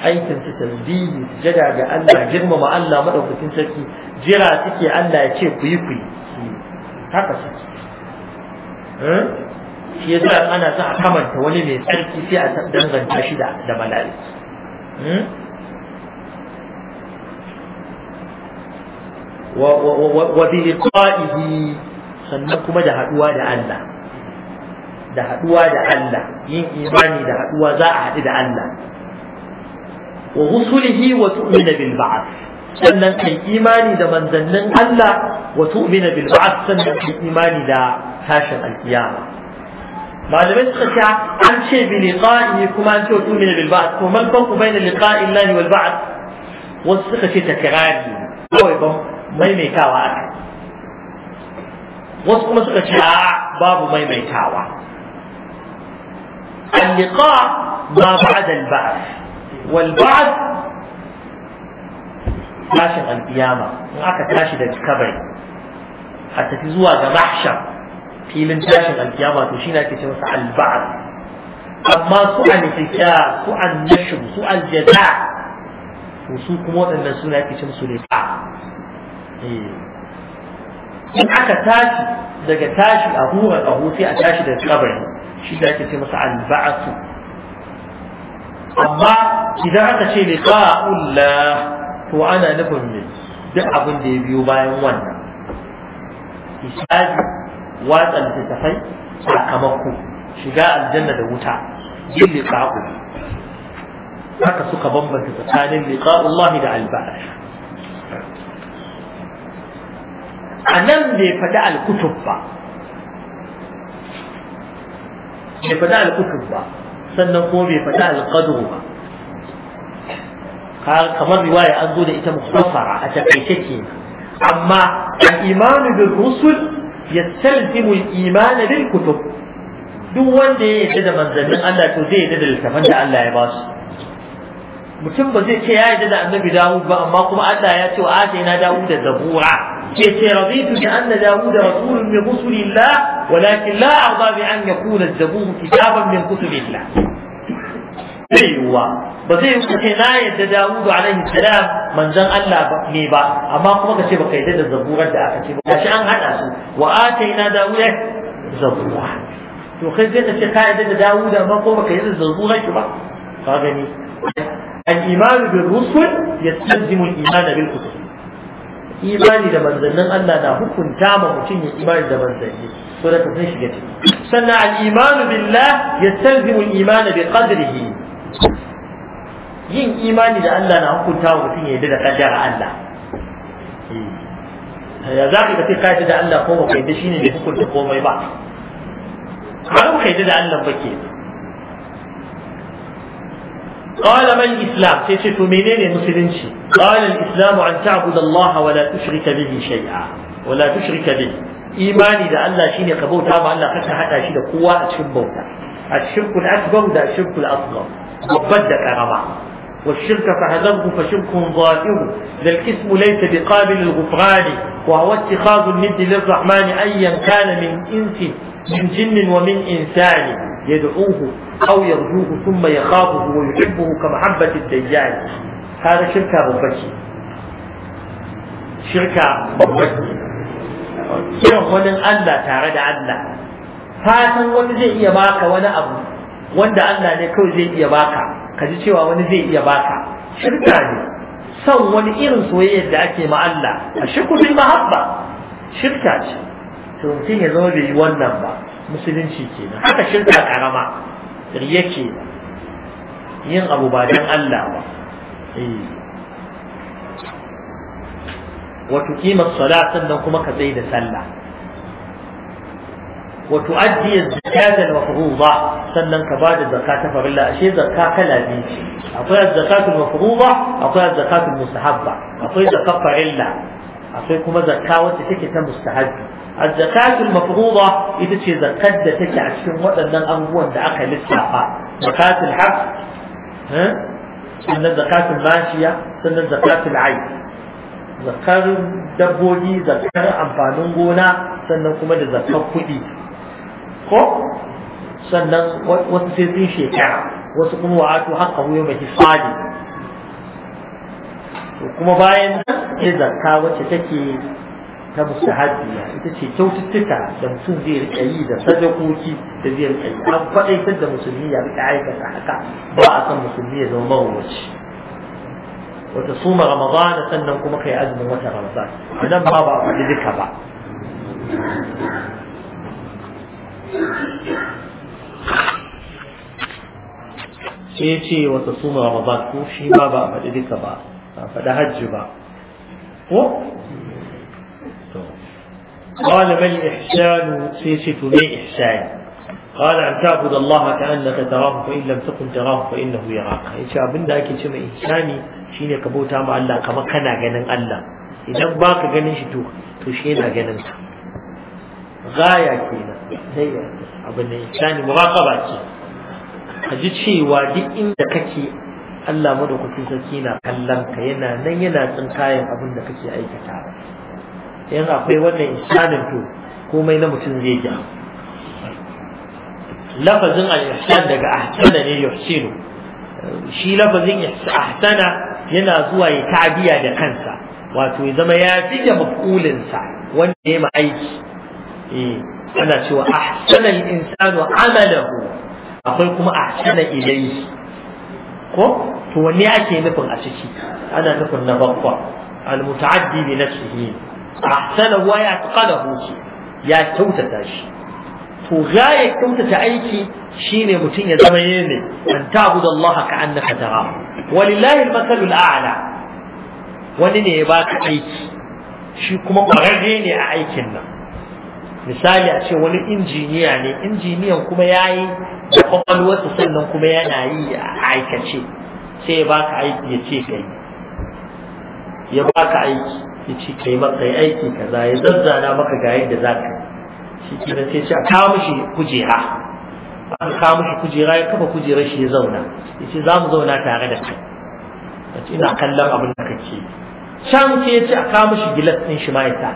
aikin su talbiyi sujada ga Allah girmama Allah madaukakin sarki jira suke Allah ya ce ku yi ku yi haka suke hmm? shi yasa ana sa a kamanta wani mai sarki sai a danganta shi da mala'iki hmm? wa bi liqa'ihi sannan kuma da haduwa da Allah da haduwa da Allah yin imani da haduwa za a haɗu da Allah wa rusulihi wa tu'mina bil ba'th sannan kai imani da manzannin Allah wa tu'mina bil ba'th sannan kai imani da tashin alkiyama malamai suka ce an ce bi liqa'i kuma an ce wa tu'mina bil ba'th to man farqu bayna liqa'i Allah wal ba'th wasu suka ce takrari kawai ban maimaitawa aka wasu kuma suka ce a babu maimaitawa al-liqa ma ba'da al-ba'th wal tashin alƙiyama in aka tashi da kabari a tafi zuwa ga mahshar filin tashin alƙiyama to shine ake ce masa al ba'd amma su al su al nashr su al jaza to su kuma wadannan suna ake ce musu liqa eh. in aka tashi daga tashi a hura a sai a tashi da kabari shi da ake ce masa al ba'd amma idan aka ce liqa'ullah to ana nufin me duk abin da ya biyo bayan wannan hisabi watsa littattafai sakamako shiga aljanna da wuta yin liqa'u haka suka bambanta tsakanin liqa'ullahi da al-ba'th anan bai faɗi al ba bai faɗi al ba sannan kuma bai faɗi alƙadru ba kamar riwaya an zo da ita muktasara a takaice ke amma al-iman bil rusul yastalzimu al-iman bil kutub duk wanda ya yarda da manzannin Allah to zai yarda da littafan da Allah ya ba su mutum ba zai ce ya yarda da annabi Dawud ba amma kuma Allah ya ce wa atina Dawud da zabura ce ce raditu bi anna Dawud rasulun min rusulillah ولكن لا أرضى بأن يكون الزبون كتابا من كتب الله أيوة ba zai wuce na yadda Dawudu alaihi salam manzon Allah ne ba amma kuma kace baka yadda da zaburar aka ce ba gashi an hada su wa ataina Dawuda zabura to kai zai kace ka yadda da Dawuda amma baka yadda da zaburar shi ka gani imani da Allah na hukunta mutum ya imani da san shiga ciki sannan al-imanu billah yastalzimu al-iman bi qadrihi yin imani da Allah na hukunta wa mutum ya yarda da kaddara Allah ya za ka ce da Allah ko ba kai shine ne hukunta komai ba har ba kai da Allah ba ke قال ما الإسلام سيشت منين مسلمشي قال الإسلام أن تعبد الله ولا تشرك به شيئا ولا تشرك به imani da Allah shine ka bauta ma Allah kaka hada shi da kowa a cikin bauta الشرك الأكبر ده الشرك الأصغر وبدك أربعة والشرك فهزمه فشرك ظاهر ذا الكسم ليس بقابل الغفران وهو اتخاذ الند للرحمن أيا كان من إنس من جن ومن إنسان يدعوه أو يرجوه ثم يخافه ويحبه كمحبة الدجال هذا شرك أبو بكر شرك أبو بكر kiran wani Allah tare da Allah fatan wani zai iya baka wani abu wanda Allah ne kawai zai iya baka ka ji cewa wani zai iya baka shirka ne son wani irin soyayyar da ake ma Allah a shirku bil mahabba shirka ce to mutum ya zama bai yi wannan ba musulunci kenan haka shirka karama riya yin abu ba dan Allah ba eh wato kimar sala sannan kuma ka tsaye da sallah wato ajiye zakata da sannan ka bada zakka ta farilla ashe zakka kala biyu ce akwai zakatul mafruza akwai zakatul mustahabba akwai zakka farilla akwai kuma zakka wacce take ta mustahabbi الزكاة المفروضة إذا تزكد a cikin waɗannan الأنبوة da aka lissafa. الحق ها؟ eh, sannan زكاة mashiya, sannan زكاة العين zakar dabbobi zakar amfanin gona sannan kuma da zakar kuɗi ko sannan wasu sai sun shekara wasu kuma wa'atu haka huyo mai hisadi to kuma bayan sai zakka wacce take ta mustahabbiya ita ce kyaututtuka da mutum zai rika yi da sadakoki da zai rika yi an faɗaitar da musulmi ya rika aikata haka ba a san musulmi ya zama mawaci wata suma ramadana sannan kuma kai azumin wata ramadan nan ba ba faɗi duka ba sai ce wata suma ramadan ko shi ba ba faɗi duka ba ba faɗi hajji ba ko قال ما الإحسان سيسة لي إحسان قال أن تعبد الله كأنك تراه فإن لم تكن تراه فإنه يراك إن شاء الله إحساني shine ka bauta ma Allah kamar kana ganin Allah idan ba ka ganin shi to to shi yana ganin ka gaya kenan dai abu ne shani muraqaba ce ka ji cewa duk inda kake Allah madaukakin sarki na kallon ka yana nan yana tsinkayen abin da kake aikata in akwai wannan ihsanin to komai na mutum zai ja lafazin al-ihsan daga ahsana ne yuhsinu shi lafazin ihsana yana zuwa ya tabiya da kansa wato ya zama ya fi da mafulinsa wanda ya aiki eh, ana cewa ahsanal insanu amalahu akwai kuma ahsana ilayhi ko to wanne ake nufin a ciki ana nufin na bakwa al muta'addi bi nafsihi ahsanahu wa ya ya kyautata shi to gaya kyautata aiki shine mutum ya zama yene an ta'budu Allah ka annaka tara walillahi al-masalul a'la wani ne ya baka aiki shi kuma kwararre ne a aikin nan misali a ce wani injiniya ne injiniyan kuma yayi da kwakwalwarsa sannan kuma yana yi a aikace sai ya baka aiki ya ce kai ya baka aiki ya ce kai maka aiki kaza ya zazzana maka ga yadda za ka yi. shi kenan sai ce a kawo mishi kujera aka kawo mishi kujera ya kafa kujerar shi ya zauna ya ce za mu zauna tare da kai ya ce ina kallon abin da kake can sai ya ce a kawo mishi gilas ɗin shi ma ya sa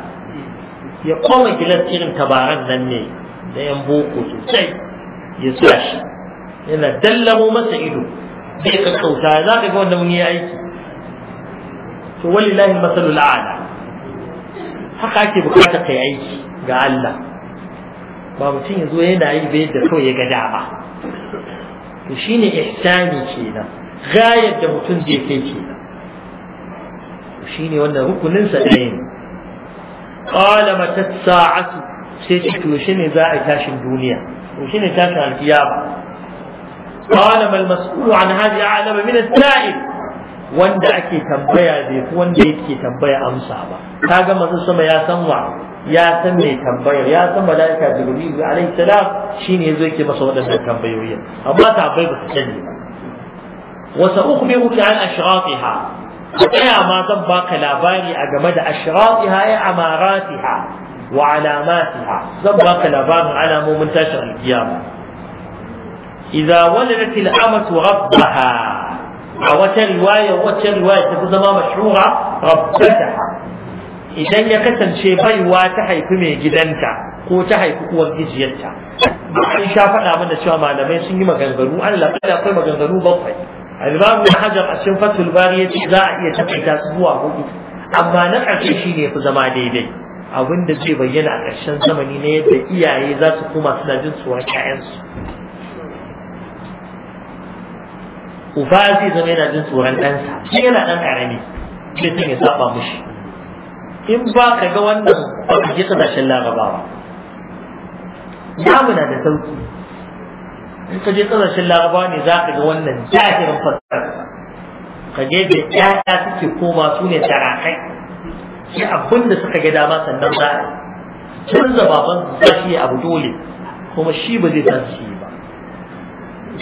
ya koma gilas irin tabaran nan ne da yan boko sosai ya sa shi yana dallamo masa ido zai kakkauta za ka ga wanda mun yi aiki to walillahi masalul a'la haka ake bukatar kai aiki ga Allah ba mutum ya zo yana yi bai da kawai ya ga dama to shine ihsani kenan gayar da mutum zai kai kenan to shine wannan rukunin sa ɗaya ne qala matat sa'atu sai ce to ne za a tashin duniya to shi ne tashin alkiyama qala mal mas'ul an a a'lama min as wanda ake tambaya zai fi wanda yake tambaya amsa ba kaga manzo sama ya san wa ya san mai tambayar ya san malaika jibril alaihi salam shine yazo yake masa wadannan tambayoyin amma ta bai ba su sani ba wa sa'ukhbiruka an ashratiha ya ma zan baka labari a game da ashratiha ya amaratiha wa alamatiha zan baka labarin alamomin tashin alkiyama idza waladat al'amatu rabbaha a wata riwaya wata riwaya ta zama mashhura rabbataha idan ya kasance baiwa ta haifi mai gidanta ko ta haifi uwar gijiyarta an sha faɗa mana cewa malamai sun yi maganganu an labarai akwai maganganu bakwai alimamu hajar a cikin fatul bari ya ce za a iya takaita su zuwa hudu amma na ƙarshe shi ne fi zama daidai abin da zai bayyana a ƙarshen zamani na yadda iyaye za su koma suna jin tsoron ƴaƴansu uba zai zama yana jin tsoron ɗansa shi yana ɗan ƙarami zai ya saba mushi in ba ka ga wannan ba ka je kasashen larabawa namu na da sauki in ka je kasashen larabawa ne za ka ga wannan jahirin fasara ka je da ƴaƴa suke koma su ne tarakai shi abin da suka ga dama sannan za a canza baban za shi abu dole kuma shi ba zai san shi ba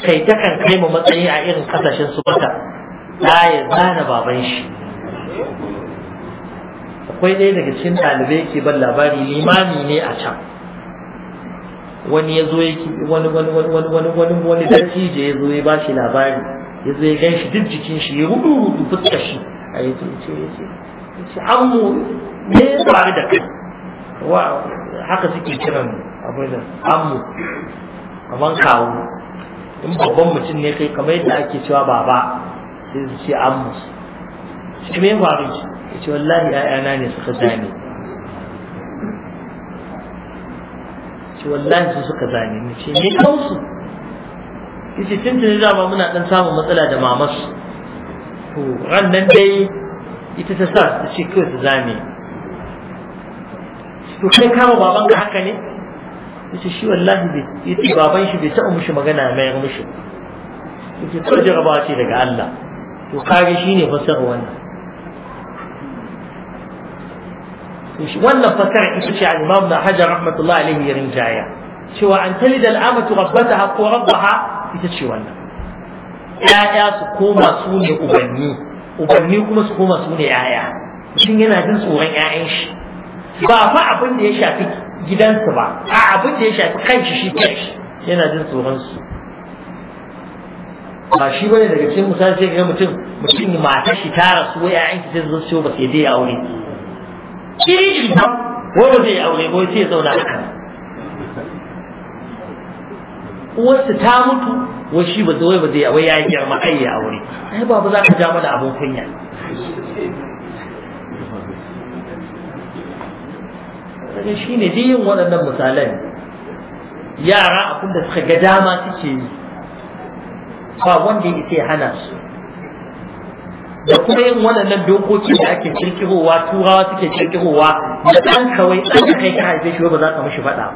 kai ta kan kai ma matsayi a irin kasashen su bata ya zana baban shi akwai ɗaya daga cikin ɗalibai ke ban labari limami ne a can wani ya zo wani wani wani wani wani wani dattijo ya zo ya ba shi labari ya zo ya gan shi duk jikin shi ya rudu rudu fuska shi a yi ce ce ya ce an mu ne ya faru da kai wa haka suke kiran abin da an mu kaman kawo in babban mutum ne kai kamar yadda ake cewa baba sai su ce an mu shi me faru ce wallahi ƴaƴana ne suka zane ce wallahi su suka zane ni ce ni kansu yace tuntuni dama muna ɗan samun matsala da mamas to ran nan dai ita ta sa ta ce kawai ta zane to kai kama baban ka haka ne yace shi wallahi bai yace baban shi bai taɓa mushi magana mai mushi yace kawai jarabawa ce daga Allah to kage ne fasara wannan wannan fasara ita ce al-imam na hajar rahmatullah alaihi ya rinjaya cewa an talida al'amatu rabbataha ko rabbaha ita ce wannan ya'ya su koma su ne ubanni ubanni kuma su koma su ne ya'ya mutum yana jin tsoron ya'yan shi ba fa abin da ya shafi gidansa ba a abin da ya shafi kanshi shi kanshi yana jin tsoron su ba shi bane daga cikin misali sai ga mutum mutum matar shi ta rasu ya'yan ki sai zo su ba sai dai aure kiri ba wai ba zai aure ba sai ya zauna a kan uwarsa ta mutu wai shi ba zai ba zai wai ya yi yarma ai ya aure ai ba za ka ja mana abin kunya daga shi ne dai yin waɗannan misalan yara abinda suka ga dama suke yi ba wanda ya isa hana su da kuma yin waɗannan dokoki da ake kirkirowa turawa suke kirkirowa da ɗan kawai ɗan da kai ka haife shi ba za ka mishi faɗa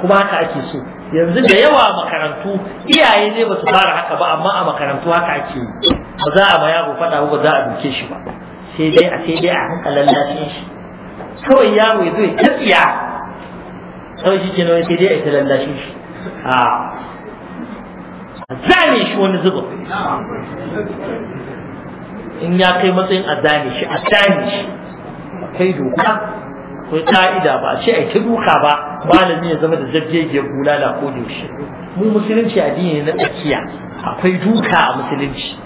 kuma haka ake so yanzu da yawa makarantu iyaye ne ba su fara haka ba amma a makarantu haka ake yi ba za a ma yaro faɗa ba za a duke shi ba sai dai a sai dai a hankalan lafiyar shi kawai yaro ya zo ya tafiya kawai shi ke nawa sai dai a ta lallashin shi a zane shi wani zuba. in ya kai matsayin a zane shi a zane shi akwai doka akwai ka'ida ba a ce a ta duka ba malami ya zama da zabjejiyar bulala ko yaushe mu musulunci addini na tsakiya akwai duka a musulunci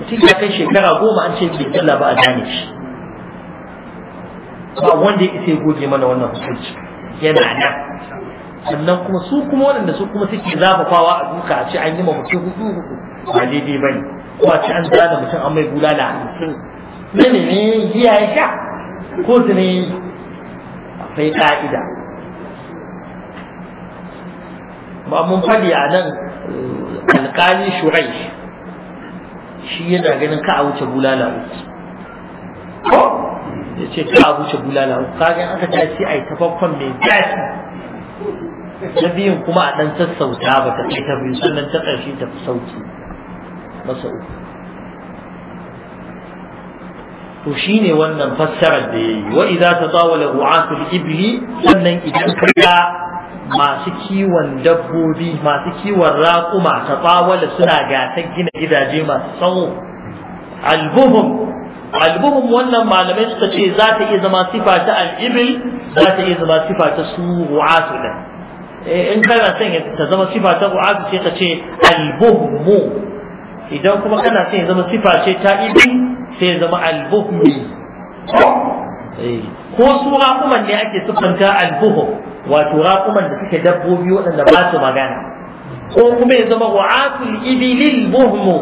mutum ya kai shekara goma an ce bai ba a zane shi ba wanda ya isa ya goge mana wannan hukunci yana nan sannan kuma su kuma waɗanda su kuma suke zafafawa a duka a ce an yi ma mutum hudu hudu ba daidai ba ne ko a ci an zana mutum an mai bulala hamsin na ne ne giya ya sha ko su ne akwai ka'ida ba mun faɗi a nan alƙali shurai shi yana ganin ka a wuce bulala uku ko ya ce ka a wuce bulala uku kagan aka tashi a yi tafakkon mai gashi na biyun kuma a ɗan sassauta ba ta ce ta biyu sannan ta ƙarshe ta fi sauki masa uku to shine wannan fassarar da yayi wa idza tatawala ru'atul ibli sannan idan kaga masu kiwon dabbobi masu kiwon raƙuma ta tatawala suna gatan gina gidaje masu tsawo albuhum albuhum wannan malamai suka ce za ta iya zama sifa ta al'ibil za ta iya zama sifa ta su ru'atu eh, in kana son ta zama sifa ta ru'atu sai ka ce albuhmu idan kuma kana son ya zama sifa ce ta ibi sai zama albuhmi eh, ko su raƙuman ne ake siffanta albuhum wato raƙuman da suke dabbobi waɗanda ba su magana ko kuma ya zama wa'atul ibilil buhmu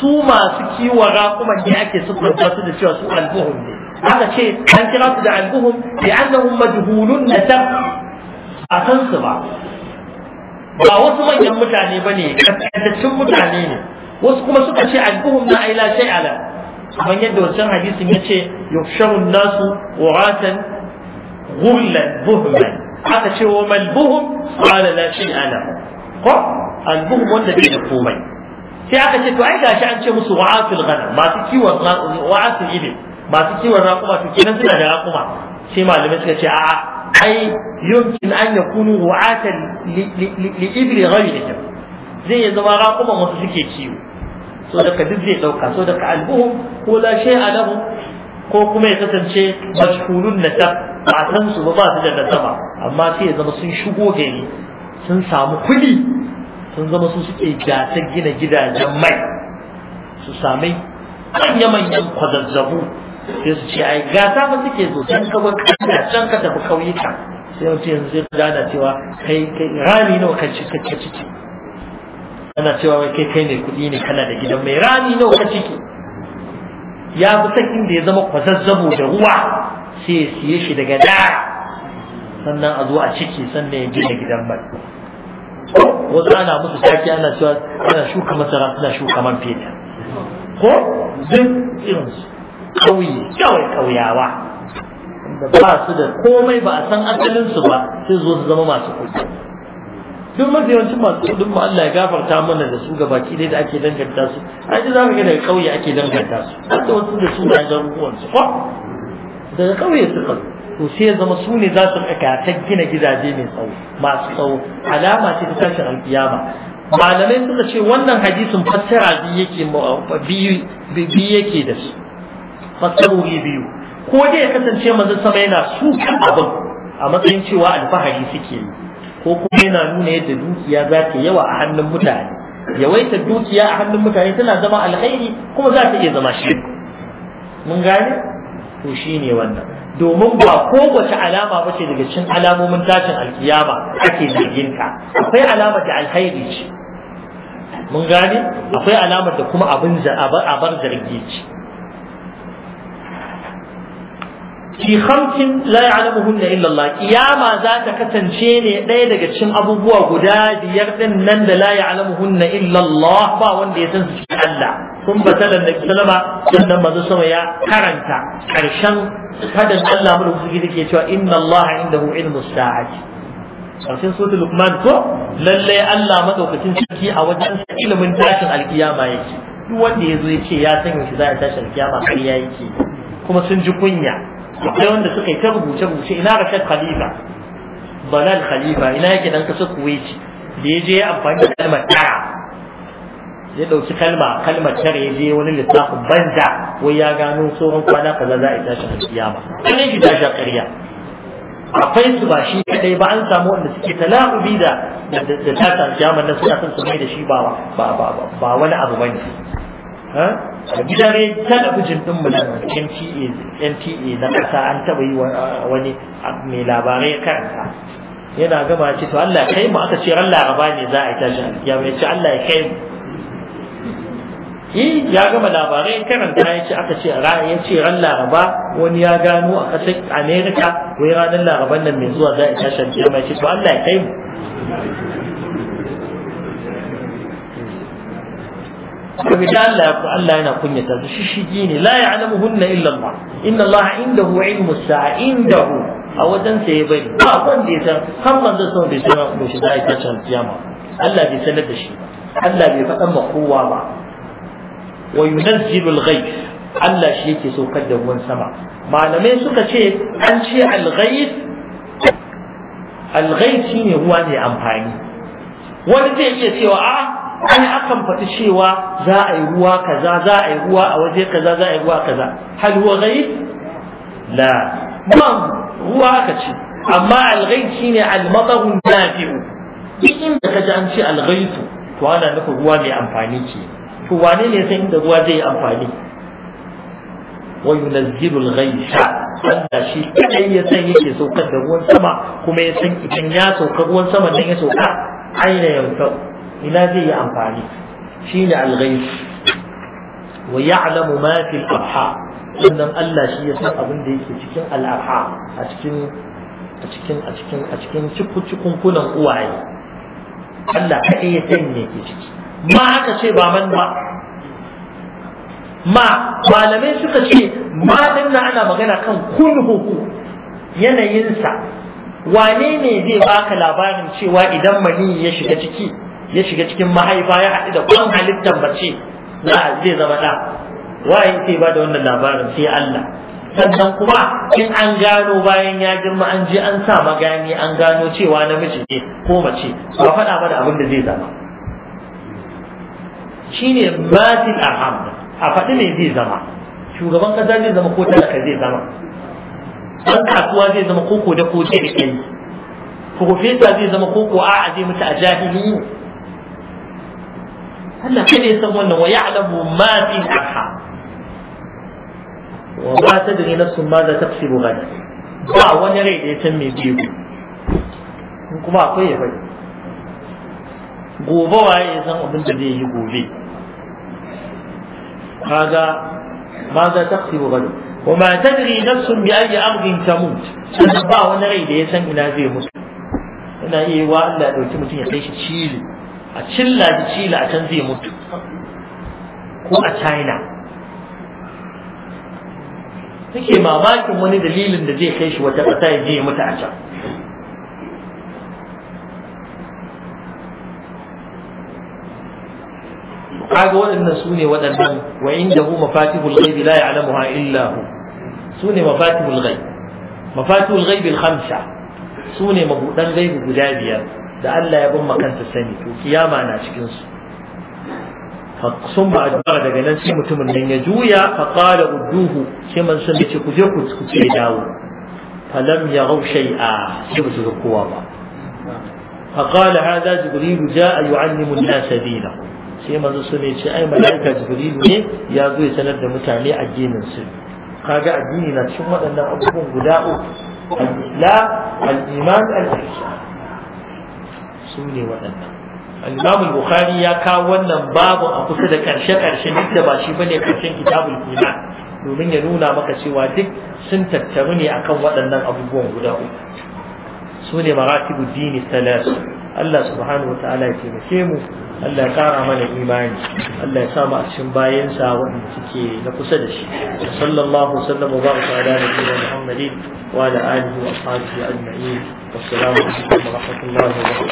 su masu kiwon raƙuman ne ake siffanta su da cewa su albuhum ne aka ce an kira su da albuhum bi annahum majhulun nasab a kansu ba ba wasu manyan mutane bane kaskataccen mutane ne wasu kuma suka ce azbuhum na ila shay ala kamar yadda wancan hadisin ya ce yufshahu nasu uratan ghullan buhman aka ce wa malbuhum qala la shay ala ko albuhum wanda bai da komai sai aka ce to ai gashi an ce musu wa'atul ghanam masu kiwon wa'atul ibil masu kiwon raƙuma to kenan suna da raƙuma sai malamai suka ce a'a ai yumkin an yakunu wa'atan li ibli ghayrihim zai ya zama raƙuman wasu suke ciwo, so daga duk zai ɗauka so daga albuhun ko la a ko kuma ya kasance mashhurun ta ba san su ba ba su da nasaba amma sai ya zama sun shigo gari sun samu kuɗi sun zama su suke gasa gina gidajen mai su sami manya-manyan kwazazzabu sai su ce ai gasa ba suke zo can ka bar kana can ka tafi kauyuka sai wace yanzu zai gada cewa kai kai rami nawa kan cika ciki ana cewa wai kai kai mai kuɗi ne kana da gidan mai rami nawa ka ciki ya fi sakin da ya zama kwazazzabo da ruwa sai ya siye shi daga da sannan a zo a ciki sannan ya gina gidan mai wasu ana musu taki ana cewa ana shuka masara suna shuka man fetur ko duk irin ƙauye kawai ƙauyawa da ba su da komai ba a san asalinsu ba sai zo su zama masu kuɗi duk mafi yawancin masu kudin ma Allah ya gafarta mana da su gabaki dai da ake danganta su ai ji za ka daga ƙauye ake danganta su har da wasu da su da garuruwan su daga ƙauye suka to sai ya zama su ne za su ta gina gidaje mai tsawo masu tsawo alama ce ta tashin alkiyama malamai suka ce wannan hadisin fassara biyu yake da su fassarori biyu ko dai ya kasance manzon sama yana su kan abin a matsayin cewa alfahari suke yi ko kuma yana nuna yadda dukiya za ta yawa a hannun mutane yawaitar dukiya a hannun mutane tana zama alkhairi kuma za ta iya zama shi mun gane to ne wannan domin ba kowace alama ba ce daga cikin alamomin tashin alkiyama ake zarginta akwai alama da alkhairi ce mun gane akwai alama da kuma abin abar zargi ce fi khamsin la ya'lamuhunna illa Allah kiyama za ta kasance ne ɗaya daga cikin abubuwa guda biyar din nan da la ya'lamuhunna illa Allah ba wanda ya san su Allah sun batala da sallama sannan manzo sama ya karanta karshen fadan Allah mu rubuci yake cewa inna Allah indahu ilmus sa'ati karshen suratul luqman ko lalle Allah madaukakin sarki a wajen ilimin tashin alkiyama yake duk wanda ya zo ya ce ya san yaushe za a tashi alkiyama kariya yake kuma sun ji kunya akwai wanda suka yi ta rubuce rubuce ina Rashad Khalifa Balal Khalifa ina yake dan kasar Kuwait da ya je ya amfani da kalmar tara ya dauki kalma kalmar tara ya je wani lissafin banza wai ya gano tsohon kwana kaza za a yi tashin alkiyama kullum shi tashi ƙarya akwai su ba shi kadai ba an samu wanda suke talahubi da da tashin alkiyama nan suna son su mai da shi ba ba wani abu bane a gidan talabijin din mu nan NTA MTA na kasa an taba yi wani mai labarai karanta yana gama ce to Allah kai mu aka ce ran laraba ne za a yi tashi ya mai ce Allah ya kai mu yi ya gama labarai karanta ya ce aka ce ya ce ran laraba wani ya gano a kasar Amerika wai ranar laraban nan mai zuwa za a yi tashi ya mai ce to Allah ya kai mu kaga da Allah Allah yana kunyata su ne la ya'lamuhunna illa Allah inna Allah indahu ilmu sa'a indahu a wajen sa ya bari ba wanda ya san har manzon sa bai san ko shi da ita can kiyama Allah bai sanar da shi Allah bai faɗa ma kowa ba wa yunazzilu al-ghayth Allah shi yake saukar da ruwan sama malamai suka ce an ce al-ghayth al-ghayth shine ruwa ne amfani wani zai iya cewa a ah, an akan faɗi cewa za a yi ruwa kaza za a yi ruwa a waje kaza za a yi ruwa kaza hal huwa ghaib la man ruwa aka ce amma al-ghaib shine al-mataru nafi'u duk inda kaji an ce al-ghaib to ana nufin ruwa mai amfani ce to wane ne san inda ruwa zai yi amfani wa yunazzilu al-ghaisa Allah shi kadai ya san yake saukar da ruwan sama kuma ya san idan ya sauka ruwan sama nan ya sauka aina yanzu ina zai yi amfani shine al-ghaib wa ya'lamu ma fil arham sannan Allah shi ya san abin da yake cikin al-arham a cikin a cikin a cikin a cikin cikin kunan uwaye Allah kaɗai ya san me ke ciki ma aka ce ba man ba ma malamai suka ce ma din ana magana kan kulhuhu yanayinsa wane ne zai baka labarin cewa idan mani ya shiga ciki ya shiga cikin mahaifa ya haɗu da kwan halittar mace na zai zama ɗa waye sai ba da wannan labarin sai Allah sannan kuma in an gano bayan ya girma an je an sa magani an gano cewa namiji ne ko mace ba faɗa ba da abin da zai zama shine batil arham a faɗi ne zai zama shugaban ƙasa zai zama ko talaka zai zama ɗan kasuwa zai zama ko ko da ko da profesa zai zama ko ko a'a zai mutu a jahili هلا كيف يسمون ويعلم ما في الأضحى وما تدري نفس ماذا تكسب غدا دع وانا ريد يتمي بيه كما قوي قوي قوبا وعي يسمى ابن جديه يقوبي هذا ماذا تكسب غدا وما تدري نفس بأي أمر تموت دع وانا ريد يسمى نازيه مسلم أنا إيه وأن لا تمتين يقيش تشيلي a cin da cila a can zai mutu ko a china take mamakin wani dalilin da zai kai shi wata ƙasa ya je mutu a can kaga waɗannan su ne waɗannan wa inda hu mafatihul ghaibi la ya'lamuha illa hu su ne mafatihul ghaib mafatihul ghaib al-khamsa su ne mabudan ghaibi guda biyar da Allah ya bin makanta sani to kiyama na cikin su sun ba addu'a daga nan sai mutumin nan ya juya fa qala udduhu sai man sun ce ku je ku ce dawo falam yaraw shay'a sai ba su kowa ba fa qala hadha jibril jaa yu'allimu an-nas dinahu sai manzo sun ce ai malaika jibril ne ya zo ya sanar da mutane addinin su kaga addini na cikin waɗannan abubuwan guda uku la al-iman al-ihsan su ne waɗannan al-imam ya kawo wannan babu a kusa da karshe karshe duk ba shi ba ne karshen kitabul iman domin ya nuna maka cewa duk sun tattaru ne akan waɗannan abubuwan guda uku su ne maratibu dini talasu Allah subhanahu wa ta'ala ya taimake mu Allah ya kara mana imani Allah ya sa mu a cikin bayansa waɗanda suke na kusa da shi sallallahu sallama wa baraka ala nabiyina muhammadin wa ala alihi wa ashabihi ajma'in wassalamu alaikum wa rahmatullahi wa barakatuh